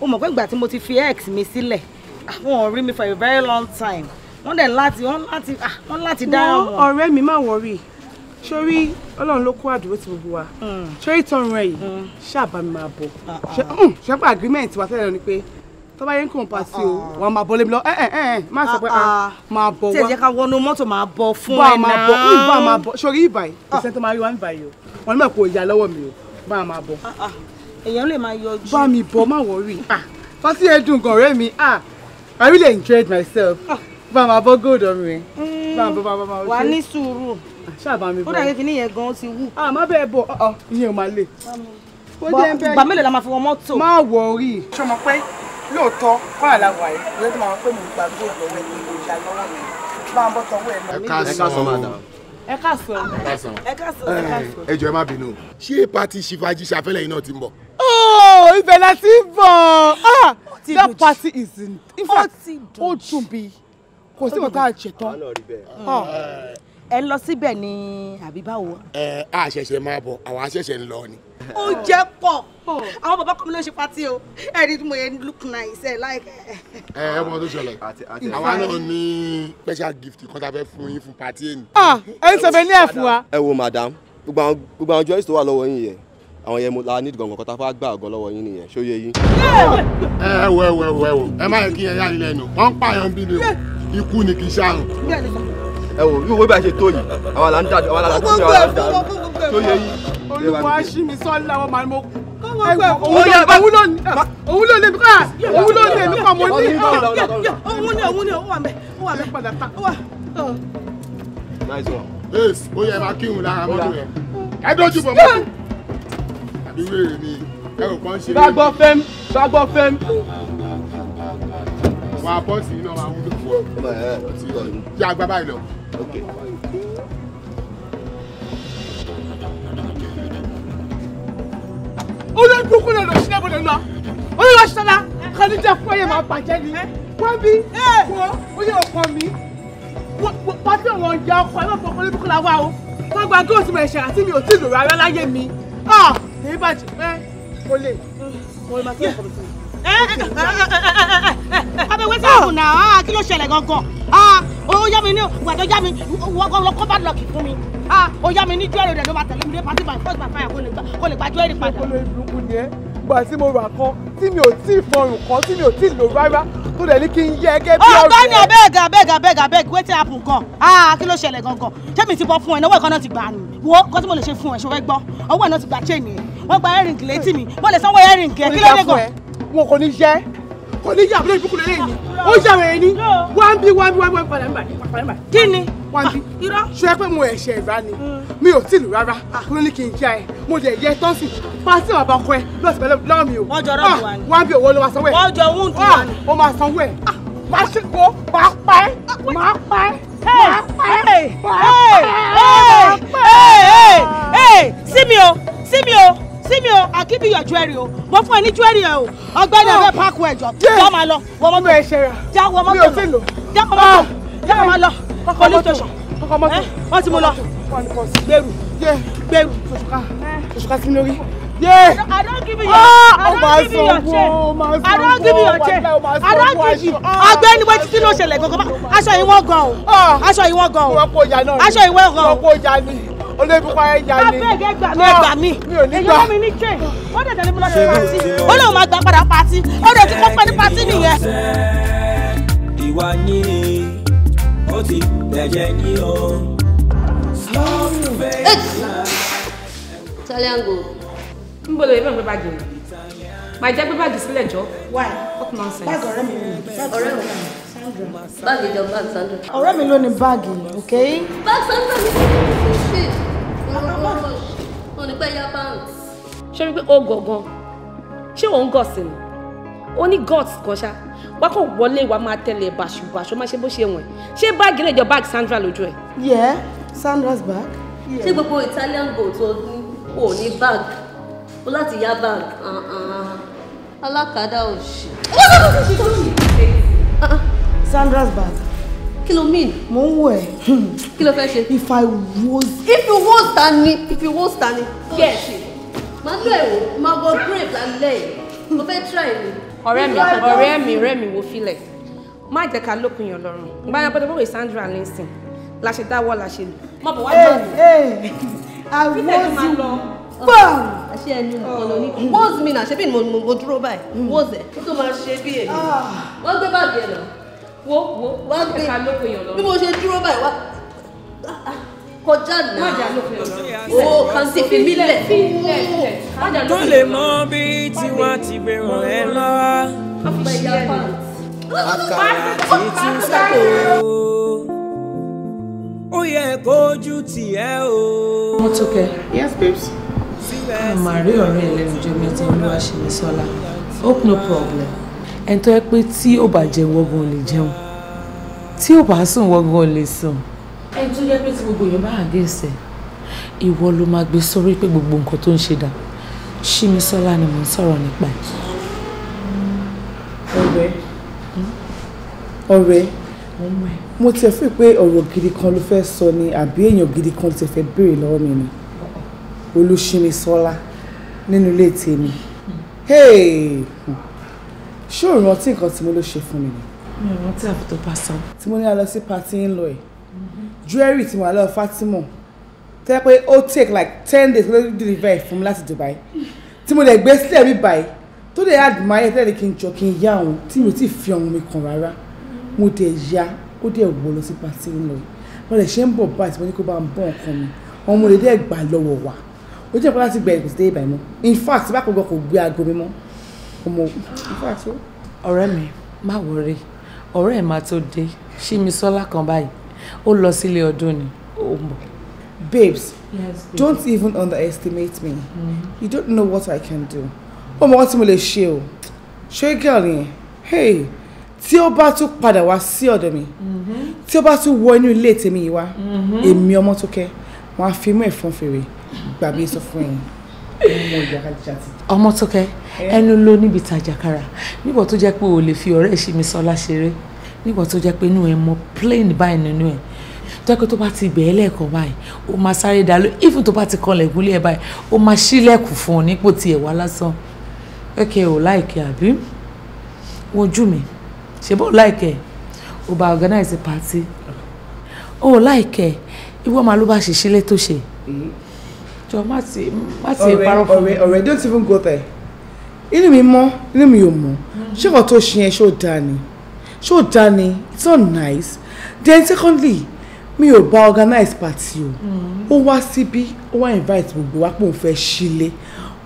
B: O mọ̀ pé ìgbà tí mo ti fi ex mi sílẹ̀, àwọn ah, worry me for a very long time. One Wọ́n dẹ̀ one wọ́n láti wọ́n láti dáhùn. Ah, wọ́n ọ̀rẹ́ me, má worry sórí ọlọ́run ló kó àdúró ti gbogbo wa mm. sórí tọrùn ẹ yìí mm. ṣáàbà mi máa bọ̀ ah, ah. ṣẹ́pẹ́ mm, agreement wa tẹ́lẹ̀ ni pé tó bá yẹ kí n pa sí o ah. wọn máa bọ lébi lọ ẹ ẹ ẹ má sọ pé a máa bọ wá. tí ẹ jẹ́ ká wọnú mọ́tò máa bọ fún ẹ náà. bá a máa bọ bá a máa bọ sórí ìbàyí kò sẹ́ni tó máa rí wa ń bàyí o wọn ní mọ̀ kó ya lọ́wọ́ mi o bá a máa bọ. èèyàn lè máa yọjú. bá mi bọ má wọrí fásitì ẹdùn gan ọ̀rẹ́ mi i really enjoyed myself bá a máa bọ gold ọ̀rẹ́ bá a máa bọ bá a máa bọ. wà á ní sùúrù ṣáàbà mi bọ̀. ó dàgé kínní yẹn gan-an ti wú. a ah, má bẹ́ẹ̀ bọ̀ ọ̀ ah, ah, ìyẹn ò máa lè. gbà mélòó la máa fi wọ mọ́tò. má wọrí. sọmọ pé lóòótọ́ kọ́ra la wà yìí lọ́dọ̀ máa pé mo gbà gbé ìlọ́wọ́ ẹ̀ ní ìjà lọ́wọ́ mi bá ń bọ́ tọwọ́ ẹ̀ lọ. ẹ
E: ká sọ madam.
B: ẹ ká sọ ẹ ká sọ ẹ ká sọ.
E: ẹ eh, jọ ẹ má bínú ṣé pati ṣìfàjì ṣàfẹ́lẹ̀ yìí náà ti ń bọ̀.
B: ooo oh, ibẹ̀ la ti ń bọ̀ ah that party is in fact ó tún bí kò sí ìwé tá a ṣe tán ẹ lọ síbẹ̀
E: ni àbí báwo. ẹ á ṣẹ̀ṣẹ̀ máa bọ̀ àwa ṣẹ̀ṣẹ̀ ń lọ ni. ó jẹ́
B: pọ̀ àwọn bàbá kan mi ló ṣe pati o ẹ rí mo yẹ look nice ẹ like. ẹ
E: ẹ mọ tó ṣẹlẹ̀ àwa náà ní special gift kan tá a fẹ́ fún yín fún pati ẹni.
B: ẹ ń
F: sọfẹ ní ẹfun wa. ẹ wo madam gbogbo àwọn jọ́ìsì tó wà lọ́wọ́ yín yẹn àwọn yẹn la ní gbọ̀ngàn kọ́tà fún àgbà ọ̀gọ́ lọ́wọ́ yín nìyẹn ṣó yé yín. ẹ ẹ wẹ wẹ wẹ o
E: ẹ má yẹ kí ẹ yá ilẹ̀ nù wọ́n ń pààyàn bí ni o ikú ni kì í ṣàrùn
F: ẹ wò yóò bá ṣe tó yìí
C: àwa là ń dà àwa là ń dà àwa là ń
B: dà
E: tó yẹ yìí. olùwà sí mi sọ́lá ọmọ àmì mo.
F: òun ló
B: ní òun ló ní mi
F: kọ́ òun ló
B: ní kọ́ mo ní.
F: òun
B: ní òun ní òun wà mẹ́ òun wà mẹ́.
E: nice one. ace ó yẹ máa kírun lára mọ́tò yẹn ẹ dojú bọ̀ mọ́tò àbí wéèrè ni ẹ ò kàn ṣe. gbàgbọ́ fẹ́m gbàgbọ́ fẹ́m wà bọ́ọ̀sì iná máa wúlò fún ọ yá agbá báyìí lọ.
B: olórí burúkú lọ lọ sí ẹbùn lọ ṣọlá kan fún ẹyẹ máa bàjẹ́ ni wọ́n bí wọ́n ó ọkọ mi wọ́n tí ọjà ọkọ ẹ lọ́pọ̀ ọkọ olóbùkún làwa o wọ́n gba góòsì mọ̀ àti mi ò tí ì lò rárá láyé mi ah, èyí bàjẹ́ ẹ kò lè mo lè máa tó ọkọ mi sí ọbẹ̀ wẹ́sí àbùn náà ah, kí ló ṣẹlẹ̀ gangan ah, ó yá mi ní ìwàdó yá mi ọkọ bá lọ kì fún mi ah, ó yá mi ní jẹ́rìí rẹ̀ ló máa tẹ̀lé mi dé pàtí by force by fire kó lè gbàjọ́ ẹ̀rí padà. ìṣòro ìdúnkù ni ẹ gbà tí mo rà kan tí mi ò tí ì fọrùn kan tó dẹ̀ ní kí n yẹ ẹgẹ́ bí oh, ọ̀rẹ́. ọ̀gbẹ́ni abeg abeg abeg abeg wetin happen gan ah kí ló ṣẹlẹ̀ gangan ṣé mi ti bọ́ fún ẹ náwó ẹ̀kọ́ náà ti gbà nù wo kọ́ mo lè ṣe fún ẹ ṣọwẹ́ gbọ́ ọwọ́ ẹ̀ náà ti gbà chain ẹ̀ wọ́n gba ẹ̀rìngì létí mi wọ́n lè sanwó ẹ̀rìngì ẹ̀ kí ló dé gan wọn kò ní jẹ́ kò ní jẹ́ àbúrò ìbùkún lẹ́yìn ni ó ṣàwẹ̀ ni wọ́n bí wọ́n bí wọ́n bí wọ́n padà ń bà padà ń bà kí ni wọ́n bí ṣe pé mo ẹ̀ṣẹ̀ ìbá ni mi ò tìlù rárá ló ní kí n jẹ́ ẹ mo lè yẹ tọ́sì pàṣẹ bàbá ọkọ ẹ lọ́sẹ̀ pẹ̀lú lọ́wọ́ mi o wọ́n bí owó ló máa sanwó ẹ̀ wọ́n jọ wúndù wa ni ó máa sanwó ẹ̀ máa ṣe kó máa pa ẹ́ máa pa ẹ́ máa pa ẹ́ máa pa ẹ́ sí mi o sí mi o sí mi o I'll give you your jewelry o mo fún ẹ ní jewelry ẹ o ọgbẹ́ni ọ̀rẹ́ páàkù ẹ̀jọ̀ já máa lọ wọ mọ́tò já wọ mọ́tò lọ já wọ mọ́tò já máa lọ police station wọ́n eh, ti mú lọ gbèrú gbèrú eh. òṣùká sí lórí. Yeah. I don't give you your, ah! oh, I don't give you your chain. Oh, I don't give you your oh, chain. I don't give you. Ah, Ọ̀gbẹ́ni wo títí ló ṣẹlẹ̀ gangan. Aṣọ yìí wọ́n gan o. Ah! Aṣọ yìí wọ́n gan o. Aṣọ yìí wọ́n gan o olóòbíkọ ẹja ni ẹgbà mi ẹgbà mi ní chain wọ́n dẹ̀ tẹ̀lé mi lọ́sẹ̀ pàtí ó lóun máa gba padà pàtí ó dẹ̀ ti kọ́ pẹ́ ní pàtí nìyẹn.
A: ìwà yín ó ti bẹ̀jẹ̀ yín o.
C: taliango n bolo ìbọn pé
B: báàgì mi máa jẹ́ pé báàgì jọ. why báàgì ọ̀rẹ́ mi ọ̀rẹ́ mi
C: báàgì jọ báàgì
B: Sandra. ọ̀rẹ́ mi ló ní báàgì ok.
C: báàgì Sandra mi kò fi ṣe o ní pẹ́ yá pounds.
B: ṣé rí pé ó gọ̀ọ̀gàn ṣé òun gọ̀ sí ni ó ní guts kan ṣá wá kàn wọlé wa máa
C: tẹ̀lé e bàṣubàṣu má ṣe bó ṣe wọ̀n ṣé báàgì lè jọ báàgì Sandra lójú ẹ̀. yeah Sandra's bag. ṣé gbogbo Italian gold tó ní kò ní bag o láti yá bag alákàdá ò ṣe. Sandra's bag kí ló mean. mo ń wò ẹ. Hmm. kí ló fẹ́ ṣe. if i was. if you was ta ni if you was ta ni. yẹ ṣe máa lọ ẹ wò máa wọ grave lálẹ́ yìí mo fẹ́ try mi. ọ̀rẹ́ mi ọ̀rẹ́ mi ọ̀rẹ́ mi wo filẹ̀ má jẹ́ ká lópin yàn lọ́rùn gbáyà pẹ́ẹ́tẹ́ bọ́wọ́ Sandra linson la ṣe dáwọ́ la ṣe lò má bọ̀ wá jẹ́ mi. àwòsí bam. àṣé ẹnu nǹkan ló ní. wọ́ọ̀sì mi nà ṣe bí mo dúró báyìí wọ́ọ̀sì ẹ̀ tó máa ṣe bí èmi ah. wọ́n gbé báàgì ẹ̀ lọ wo wo wá gbé bí mo ṣe dúró báyìí wá kọjá náà o kàn sí fi mí lẹ̀ tó lè
A: mọ bí tiwa ti gbèrò ẹ lọ́wọ́.
C: àkàrà títí sáko
A: ó yẹ kójú tiẹ̀
B: o. mo tún kẹ. yes babes. a máa rí ọ̀rẹ́ ẹlẹ́nu jẹ́ mẹ́ta olúwa ṣe ní sọ́la hope no problem ẹni tó yẹ pé tí ò bá jẹ wọ́gùn ò lè jẹun tí ò bá sùn wọ́gùn ò lè sùn ẹni tó yẹ pé tí gbogbo èèyàn bá àgẹ́sẹ̀ ìwọ ló máa gbé sórí pé gbogbo nǹkan tó ń ṣe dà Ṣímisọ́lá ni mò ń sọ̀rọ̀ nípa ẹ̀. ọ̀rẹ́ hmm? ọ̀rẹ́ mo tiẹ̀ fi pé ọ̀rọ̀ gidi kan ló fẹ́ sọ ni àbí èèyàn gidi kan tiẹ̀ fẹ́ béèrè lọ́wọ́ mi ni Olúṣímisọ́lá nínú ilé tèmi. Hmm. Hey! ṣé ò rántí nǹkan tí mo ló ṣe fún mi ni. mi ò rántí àfi tó tí mo ní a lọ sí pati ń lọ ẹ̀ mm-hmm. jewelry tí mo wà lọ́wọ́ Fatima tẹ́ pé ó take like ten days to deliver fún mi láti Dubai tí mo lè gbé sílẹ̀ mi báyìí tó lè admire tẹ́lẹ̀ kí n jọ kí n yá òun tí mi ò tí ì fi ọ̀hún mi kàn rárá mm-hmm. mo dẹ̀ ya ó dẹ̀ wọ lọ sí pati ń lọ yìí wọ́n lè ṣe ń bọ̀ báyìí tí mo ní kó bá ń bọ̀ nǹkan mi ọmọ lè dẹ́ gbà lọ́wọ́ wa ó jẹ́ pé láti gbẹ̀rẹ̀ kò sí dé ibà mọ́ in fact bákan gan kò gbé aago mi mọ́ ọmọ ìfàtó. ọ̀rẹ́ mi má wọrí ọ̀rẹ́ ẹ̀ máa tó dé ṣí mi sọ́lá kan báyìí ó lọ sílé ọdún ni ó ń babes don't even underestimate me mm-hmm. you don't know what i can do ọmọ wọn tí mo lè ṣe o ṣé girl yẹn hey tí ó bá tún padà wá sí ọ̀dọ̀ mi mm-hmm. tí ó bá tún wọ inú ilé tèmi yìí wá
C: mm-hmm. èmi
B: ọmọ tó kẹ́ wọn á fi mú ẹ̀fọn fèrè gbàgbé sọ fún yín ọmọ tó kẹ ẹnu ló níbi tàjàkàrà nígbà tó jẹ́ pé o lè fi ọ̀rẹ́ ṣì mi sọlá ṣeré nígbà tó jẹ́ pé inú ẹ mọ plain báyìí nínú ẹ tó jẹ́ pé tó bá ti bẹ̀ẹ́ lẹ́ẹ̀kan báyìí o máa sáré dá ló even tó bá ti kanlẹ̀ gúnlẹ̀ ẹ báyìí o máa ṣílẹ̀kùn fún ọ nípò tiẹ̀ wá lásán kẹ́kẹ́ ò láìkẹ́ àbí wojú mi ṣe bó láìkẹ́ o bá organize party o láìkẹ́ ìwọ máa ló bá ṣe sílé tó ṣe. Mm-hmm
D: jọ má ti má ti parọ́
B: fún mi. ọ̀rẹ́ ọ̀rẹ́ don't even go there inú mi mọ́ inú mi ò mọ́ mm. ṣé kò tó ṣe yẹn ṣó dáa ni ṣó dáa ni it's not nice then secondly mi ò bá organize party o mm. ó wá síbí ó wá invite gbogbo wa pé òun fẹ́ ṣílé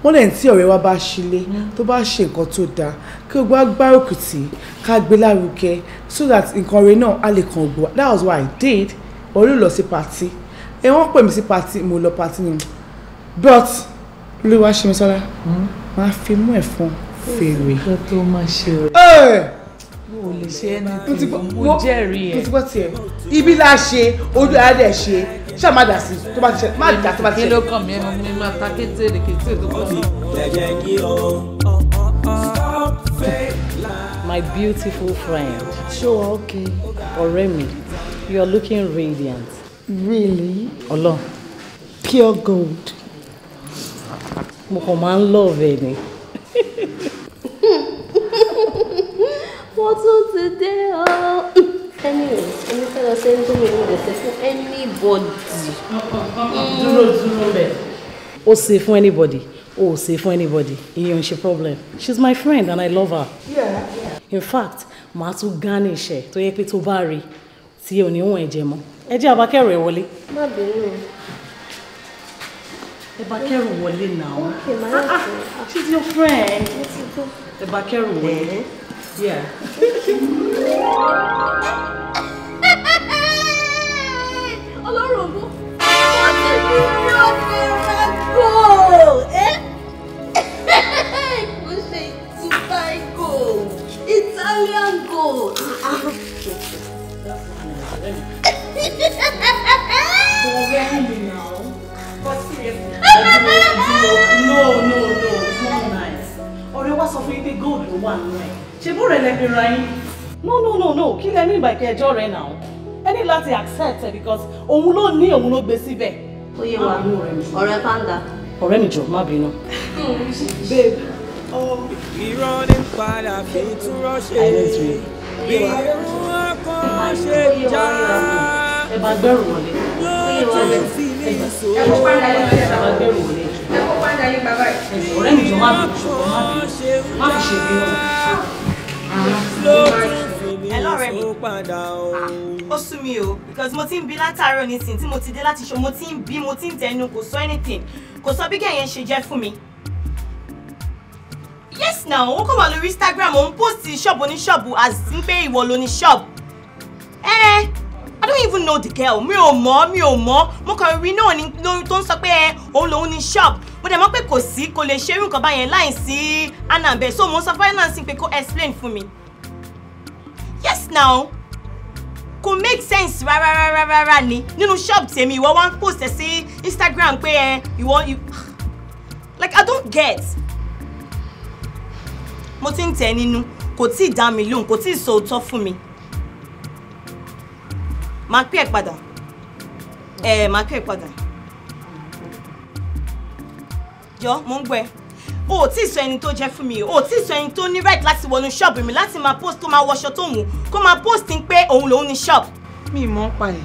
B: wọ́n lẹ́yìn tí ọ̀rẹ́ wa bá ṣílé mm. tó bá ṣe nǹkan tó dáa kí gbogbo agbárùkù tí ká gbé lárugẹ so that nǹkan rẹ náà á lè kàn gbọ́ that was what i did olú lọ sí party ẹ wọ́n pè mí sí party mo lọ party ni but olúwa ṣe mi sọ́lá máa hmm? fi mú ẹ̀fọn fèrè. ó tó máa ṣe rẹ̀ o lè ṣe ẹni tí mo jẹ́rìí ẹ̀. mo ti gbọ́ tiẹ̀ ibi la ṣe ojú ara dẹ̀ ṣe ṣáà má dà sí tó bá ti ṣe má dà tó bá ti ṣe. kí ló kàn mí ẹnu mi máa ta kété kété tó kàn mí. My beautiful friend. Show okay? Ọ̀rẹ́ mi, you are looking radiant. Really? Ọlọ́run. Pure gold mo kàn máa ń love ẹ ni.
C: wọ́n tún ti dé o. anyway èmi fẹ́ lọ sí ẹni tó mi ò lè ṣe fún anybody. Mm. dúró dúró bẹ́ẹ̀.
B: ó ṣe fún anybody ó ṣe fún anybody ìyẹn ò ṣe problem she's my friend and i love her. Yeah. in fact màá tún garnish ẹ tó yẹ pé tó bá rí tí ò ní wọn ẹ̀jẹ̀ mọ́ ẹ jẹ́ abakẹ́rù ẹ wọlé. má bínú ẹ bá kẹ́rù wọlé náà ah,
C: ah, she's your friend
B: ẹ bá kẹ́rù Yeah.
C: Ọlọ́run ọgbọ́n, wọ́n Italian gold. Ọ̀rẹ́ ah,
B: no no no no, not nice ọ̀rẹ́ wa sọ fún yín pé gold ló wà nínú ẹ̀ ṣe bó rẹ̀ lẹ́bi ra yín no no no no kí lẹ ní ìgbà ìkẹjọ́ rẹ̀ náà ẹ ní láti accept ẹ because òun ló ní òun ló gbé síbẹ̀. ó yé wa ọ̀rẹ́ panda. ọ̀rẹ́ mi jọ má bínú.
A: babe. Oh, irọ́ ní padà fi túrọ́ ṣe irun ẹ̀kọ́ pàdé ayé bàbá
B: yìí. ọ̀rẹ́ mi jọ ó sú mi o because mo ti ń bi látàárọ̀ nísìnyí tí mo ti dé láti ṣe mo ti ń bi mo ti ń tẹnu kò sọ anything kò sọ bí kẹ̀yẹ́ ṣe jẹ́ fún mi yes now ó kàn wà lórí instagram òun post ṣọ́ọ̀bù oníṣọ́ọ̀bù as ń pé ìwọ lóní ṣọ́ọ̀bù. Eh, I don't even know the girl. Mi ò mọ̀, mi ò mọ̀. Mo kàn rí náà ni lóyún tó ń sọ pé ẹ eh, òun lòun ní shop. Mo dẹ̀ mọ̀ pé kò sí kò lè ṣerú nǹkan báyẹn láì sí Anambẹ̀. So mo sọ finance pé kó explain fún mi. Yes now. Kò make sense rárá rárá rárá ni. Nínú shop tèmi ìwọ wá ń post ẹ sí Instagram pé ẹ eh, ìwọ like I don't get. Mo ti ń tẹ̀ nínú. Kò tí ì dá mi lóhùn, kò tí ì sọ òótọ́ fún mi máa pẹ́ ẹ̀ padà ẹ̀ máa pẹ́ ẹ̀ padà jọ mo ń gbọ́ ẹ o ò tí ì sọ ẹni tó jẹ́ fún mi o ò tí ì sọ ẹni tó ní right láti wọnú ṣọ́ọ̀bù mi láti máa post tó máa wọṣọ tó wù kó máa post ń pé òun lòun ní ṣọ́ọ̀bù. mi ì mọ̀ ń pa ẹ̀.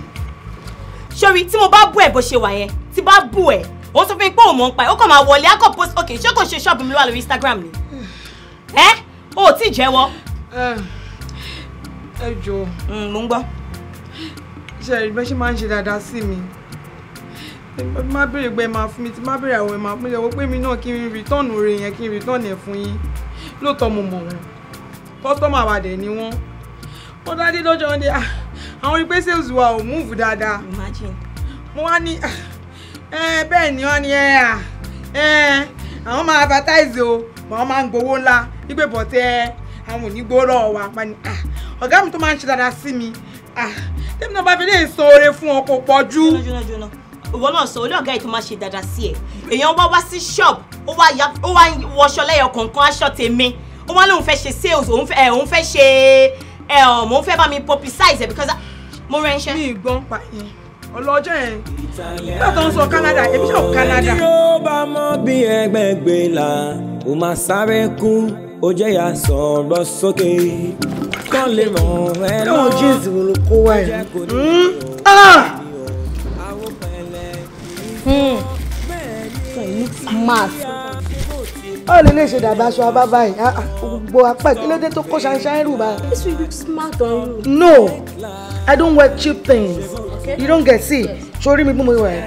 B: sori tí mo bá bú ẹ bó ṣe wà yẹn tí bá bú ẹ ó sọ fún mi pé òun pa ẹ ó kàn máa wọlé á post Okay, ṣé kò ṣe ṣọ́ọ̀bù mi lọ́wọ́ lórí Instagram ni. ẹ o ò tí ì jẹ́wọ́. Ah, ẹ ẹ mm, mo ń ṣe rí bẹ́ẹ̀ ṣe máa ń ṣe dáadáa sí mi má béèrè pé ẹ máa fún mi tí má béèrè àwọn ẹ máa fún mi lẹ́wọ́ pé mi náà kí n rìtọ́ọ̀nù rẹ̀ yẹn kí n rìtọ́ọ̀nù ẹ̀ fún yín lóòótọ́ mo mọ̀ wọn kọ́tọ́mà wa ni wọ́n wọ́n dádé lọ́jọ́ ọ̀dẹ́ ah, àwọn rí sales wa ò múùfù dáadáa mo wá ní ah, bẹ́ẹ̀ ni wọ́n ní àwọn máa advertise o àwọn máa ń gbowó ńlá wípé bọ̀tẹ́ àwọn ò ní gbowó lọ́wọ́ wa ah, ọ̀gá mi tó máa ń ṣe dáadáa sí mi tẹ́mi náà bá fi lè so oore fún ọ kò pọ̀ jù. ìwọ náà sọ olú ọ̀gá yìí tó máa ṣe dáadáa sí ẹ̀ èèyàn wá wá sí ṣọ́ọ̀bù ó wá wọṣọ lẹ́yọ kọ̀ọ̀kan aṣọ tèmi ó wá lóun fẹ́ ṣe sales òun fẹ́ ṣe òun fẹ́ bá mi publicize ẹ̀ because mo rẹ́ńṣẹ́. mi gbọ́n pa yẹn ọlọ́jọ́ yẹn nígbà tó ń sọ Canada èmi ṣe
A: Canada. ẹni ó bá mọ bí ẹgbẹ́gbẹ́ là ó máa sáré kú ó jẹ́ ìyá sọ̀rọ̀ sókè kán lè mọ̀ ẹ́ lọ. náà
B: jíǹsì wo ló kó wá ẹ̀. mass báwo lè lè ṣe dàbí aṣọ abábá yìí ah, ah, gbogbo apá ìkílédé tó kó ṣanṣan rù bá. this will look smart on you. no i don't wear cheap things okay. you don't get see sori mi bí mo wẹ̀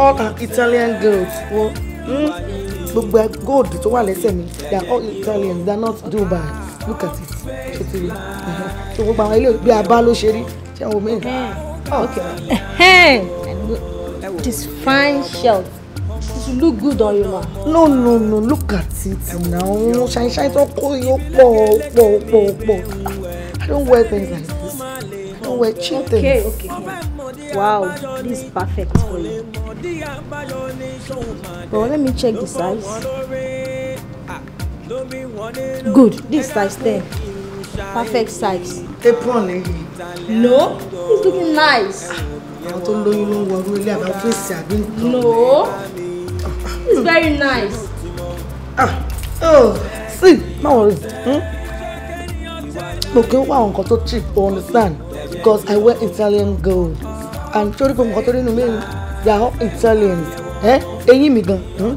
B: all Italian girls. Well, mm? gbogbo gold tó wà lẹ́sẹ̀ mi they are all Italians they are not Dubai look at it ṣe ti rí so gbogbo àwọn ilé bí abá ló ṣe rí ṣe àwọn omi oh. this
C: fine shirt it look good on you ma.
B: no no no look at it now ṣàyìn ṣàyìn tó kó yóò pọ̀ pọ̀ pọ̀ pọ̀ i don't wear things like this
C: i don't wear cheap things. okay okay.
A: Wow, this
C: is perfect for you.
A: But let me check the size.
B: Good, this size 10. Perfect size. Apron eh? No, it's looking nice. Àwọn tó ń lóyún
C: No, it's very nice. Ah, oh,
B: see, má worry. Hmm? mo kì í wá àwọn cheap understand because I wear Italian gold àtúntò kò mọ̀ tó nínú mi yà ọ́ intelligent ẹ́ eyín mi gan hmm,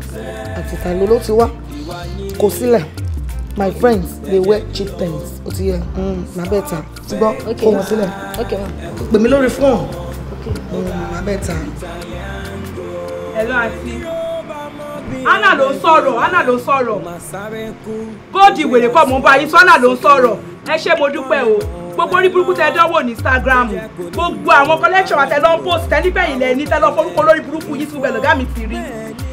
B: àti ìtàló ló ti wá kò sílẹ̀ my friends dey wear cheap things ó ti yẹ hmm, má bẹ́ẹ̀ ta ṣùgbọ́n kò wọ́n sílẹ̀ pè mí lórí fún ọ hmm, má bẹ́ẹ̀ ta.
A: hello àti anna ló ń sọ̀rọ̀ anna ló ń sọ̀rọ̀
B: bóòdì wèrè kọ́ mo bá yín sọ anna ló ń sọ̀rọ̀ ẹ ṣé mo dúpẹ́ o gbogbo orí burúkú tẹ dánwò ní instagram gbogbo àwọn collection àtẹ lọ́n post tẹ níbẹ̀ ilẹ̀ ní tẹ lọ forúkọ lórí burúkú yìí tún bẹ̀lọ̀gá mi ti rí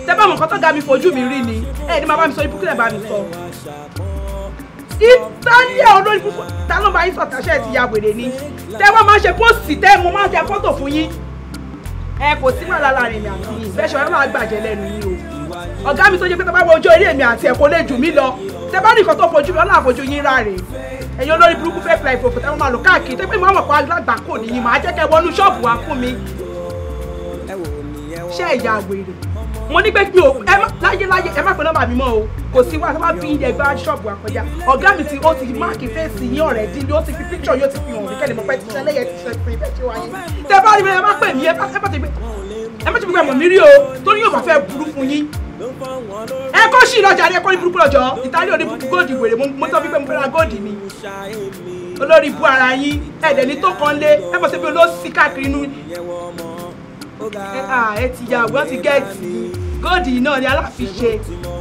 B: tẹ bá mọ̀ nǹkan tó ga mi fojú mi rí ni ẹ̀ ní máa bá mi sọ ibú kílẹ̀ bá mi sọ. ìtàlẹ̀ olórí burúkú ta ló máa ń sọ̀tà ṣẹ́ ti ya wèrè ni tẹ wọ́n máa ń ṣe póòsì tẹ́ mo máa ń ṣe fọ́tò fún yín ẹ kò sí wàhálà láàrin mi àti yìí bẹ́ẹ̀ ṣọ̀rọ̀ máa gbàjẹ́ lẹ́nu yìí o ọ̀gá mi tó jẹ́ pé tọ́ bá wo ojú eré mi àti ẹ̀kọ́ lè jù mí lọ tẹ bá rí nǹkan tó fojú mi ọ̀là àfojú yín ẹ̀yin olórí burúkú fẹ́ fẹ́ ìfòfò tẹ́ wọ́n máa lò káàkiri tẹ́ pé mo mọ̀ pé alágbà kò níyìn màá jẹ́ kẹ́ wọnú ṣọ́ọ̀bù wa fún mi. ṣé ẹ̀yà wèrè mo ní pé mi ò ẹ má láyé láyé ẹ má pe nọ́mbà mi mọ́ o kò sí wa sábà bí ilẹ̀ gba ṣọ́ọ̀bù àkọjá ọ̀gá mi ti ó ti máàkì fèsì yín ọ̀rẹ́ dín ní ó ti fi píkṣọ̀ yóò ti fi hàn mí kẹ́lẹ́ mo pẹ́ ti ṣẹlẹ̀ yẹn ti ṣe pé bẹ́ẹ̀ ṣe wáyé tẹ bá rí mi ẹ má pè mí ẹ má tẹ ẹ má ti gbogbo ẹ̀mọ̀ mi rí o torí yóò bá fẹ́ burú fún yín ẹ kọ́ sí ìlọjà ni ẹ kọ́ ní burúkú lọ́jọ́ ìtàlẹ́ òní burúkú góòdì wèrè mo tọ́ fífẹ́ mo fẹ́ ra góòdì mi olórí bu ara yín ẹ̀dẹ̀ ní tó kan lé ẹ bọ̀ sẹ́bi olóòsì káàkiri inú ẹ ti yà wọ́n ti gẹ̀ẹ́tì góòdì náà ni aláfiṣe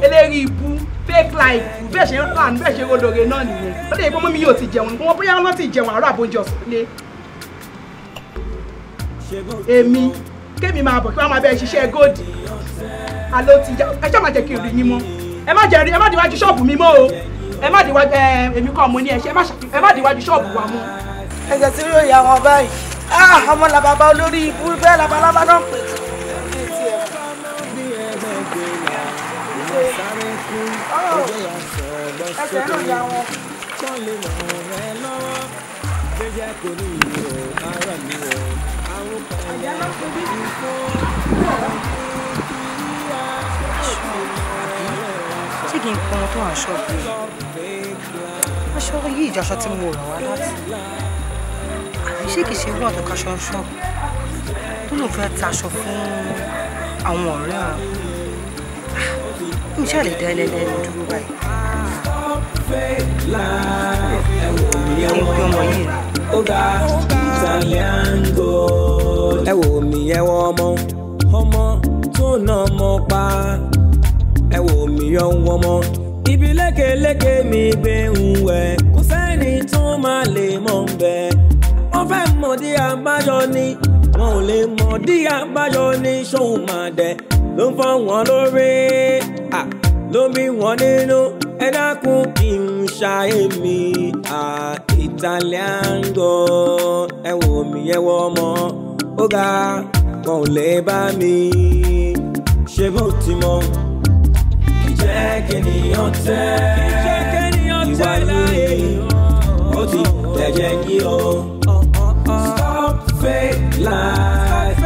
B: eléri ibu fake life bẹ́ẹ̀ ṣe ń plan bẹ́ẹ̀ ṣe rodore náà nìyẹn ó lè gbọ́n mi yóò ti jẹun wọn bóyá wọn ti jẹun àárọ̀ àbójọ sílé èmi kémi máa bọ̀ kí wọ́n máa bẹ ṣiṣẹ́ góòdì alo ti já ẹ ṣe má jẹ́ kí n yín mọ́ ẹ má jẹ́ rí ẹ má di ṣọ́ọ̀bù mi mọ́ o ẹ má di ẹ èmi kọ́ mo ní ẹ ṣe ẹ má di wájú ṣọ́ọ̀bù wa mọ́. ẹsẹ̀ tí yóò yà wọn báyìí ah, ọmọ làbàbà olórí ibú bẹ́ẹ̀ labalábá náà
A: ẹsẹ̀ náà yà wọn
F: ṣé kí n pọn tó aṣọ bí
A: aṣọ yìí ìjọṣọ tí mo rà wá láti
B: àbí ṣé kìí ṣe irú ọ̀dọ̀ kan ṣọṣọ tó lò fẹ́ taṣọ fún àwọn ọ̀rẹ́ ọ̀hún mi ṣàlè dá ẹlẹ́dẹ́ni dúró báyìí.
A: kí n pe ọmọ yìí rẹ̀. Italian gold ẹ wò mí ẹ wọ ọmọ ọmọ tó nà ọmọ pa ẹ wò mí yọ ń wọmọ ibi lékeleke mi gbé ń wẹ̀ kò sẹ́ni tó máa lè mọ̀ ń bẹ̀ wọ́n fẹ́ mọ̀dí àbájọ ni wọn ò lè mọ̀dí àbájọ ni ṣóun máa dẹ̀ ló ń fọ́ wọn lórí ló ń bí wọn nínú ẹ dákun kí n ṣàìmí Italian gan ẹ wò mí ẹ wọ ọmọ ó ga wọn ò lè bá mi ṣe bó ti mọ. ìjẹ́ kènìyàn tẹ́ ìwà lóye ó ti dẹ̀jẹ̀ yí o. Oh, oh, oh. stop fake life.